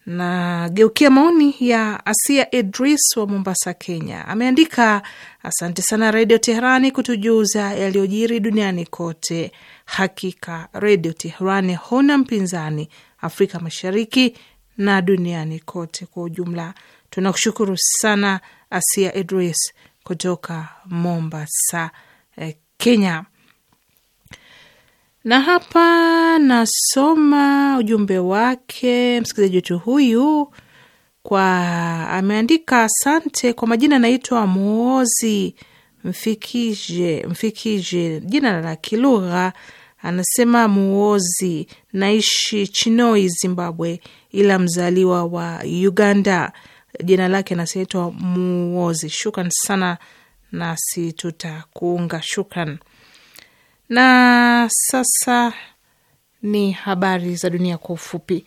Na geukia maoni ya Asia Idris wa Mombasa, Kenya. Ameandika, asante sana Redio Teherani kutujuza yaliyojiri duniani kote. Hakika Redio Teherani huna mpinzani Afrika Mashariki na duniani kote kwa ujumla. Tunakushukuru sana Asia Idris kutoka Mombasa, eh, Kenya. Na hapa nasoma ujumbe wake msikilizaji wetu huyu kwa ameandika, asante kwa majina, naitwa Muozi Mfikije, Mfikije jina la kilugha anasema Muozi, naishi Chinoi, Zimbabwe, ila mzaliwa wa Uganda. Jina lake nasiitwa Muozi. Shukran sana, nasi tutakuunga. Shukran. Na sasa ni habari za dunia kwa ufupi.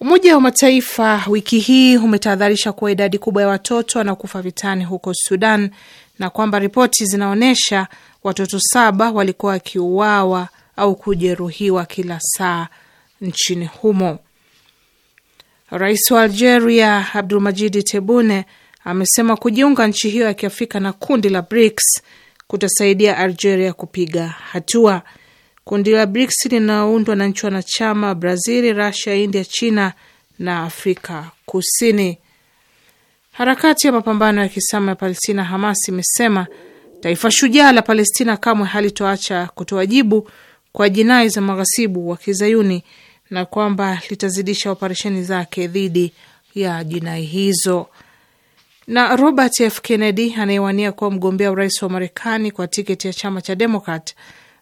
Umoja wa Mataifa wiki hii umetahadharisha kuwa idadi kubwa ya watoto wanaokufa vitani huko Sudan na kwamba ripoti zinaonyesha watoto saba walikuwa wakiuawa au kujeruhiwa kila saa nchini humo. Rais wa Algeria Abdulmajidi Tebune amesema kujiunga nchi hiyo ya kiafrika na kundi la BRICS kutasaidia Algeria kupiga hatua. Kundi la BRICS linaundwa na nchi wanachama Brazil, Rusia, India, China na Afrika Kusini. Harakati ya mapambano ya kisama ya Palestina, Hamas, imesema taifa shujaa la Palestina kamwe halitoacha kutoa jibu kwa jinai za maghasibu wa kizayuni na kwamba litazidisha operesheni zake dhidi ya jinai hizo na Robert F Kennedy anayewania kuwa mgombea urais wa Marekani kwa tiketi ya chama cha Demokrat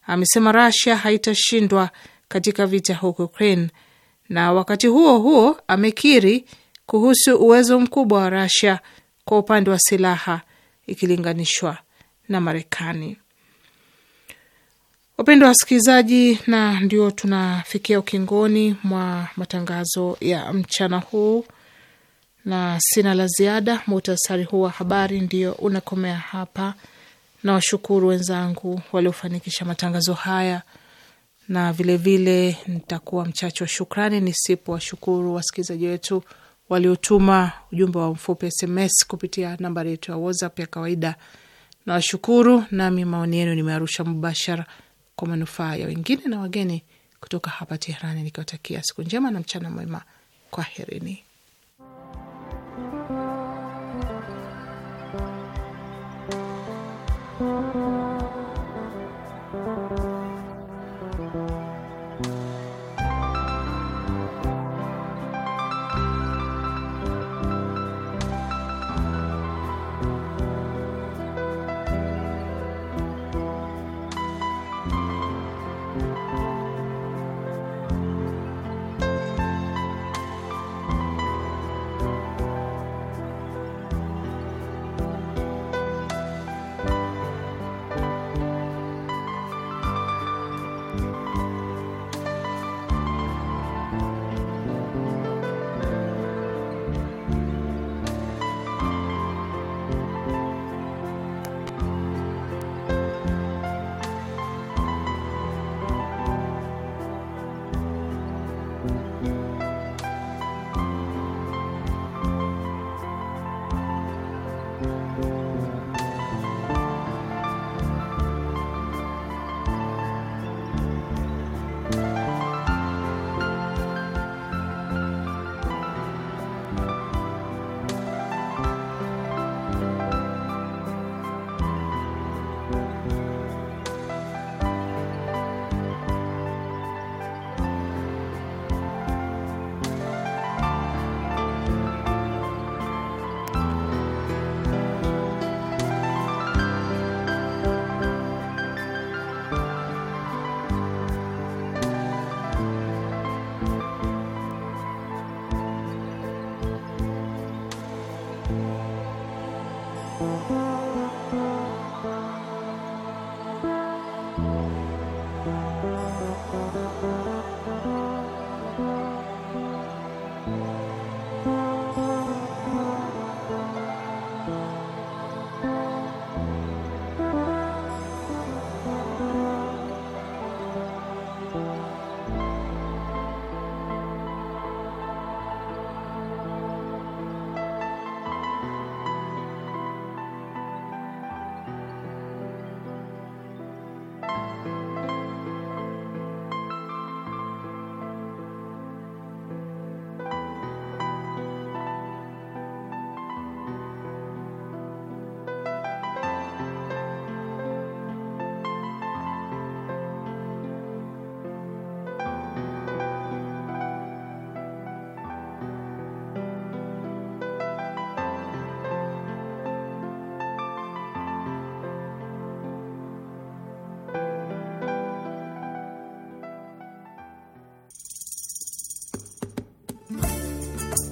amesema Rasia haitashindwa katika vita huko Ukraine, na wakati huo huo amekiri kuhusu uwezo mkubwa wa Rasia kwa upande wa silaha ikilinganishwa na Marekani. Wapendwa wasikilizaji, na ndio tunafikia ukingoni mwa matangazo ya mchana huu na sina la ziada. Muhtasari huu wa habari ndio unakomea hapa, na washukuru wenzangu waliofanikisha matangazo haya, na vilevile nitakuwa mchache wa shukrani nisipo washukuru wasikilizaji wetu waliotuma ujumbe wa mfupi SMS kupitia nambari yetu ya WhatsApp ya kawaida. Nawashukuru, nami maoni yenu nimearusha mubashara kwa manufaa ya wengine na wageni kutoka hapa Teherani, nikiwatakia siku njema na mchana mwema. Kwaherini.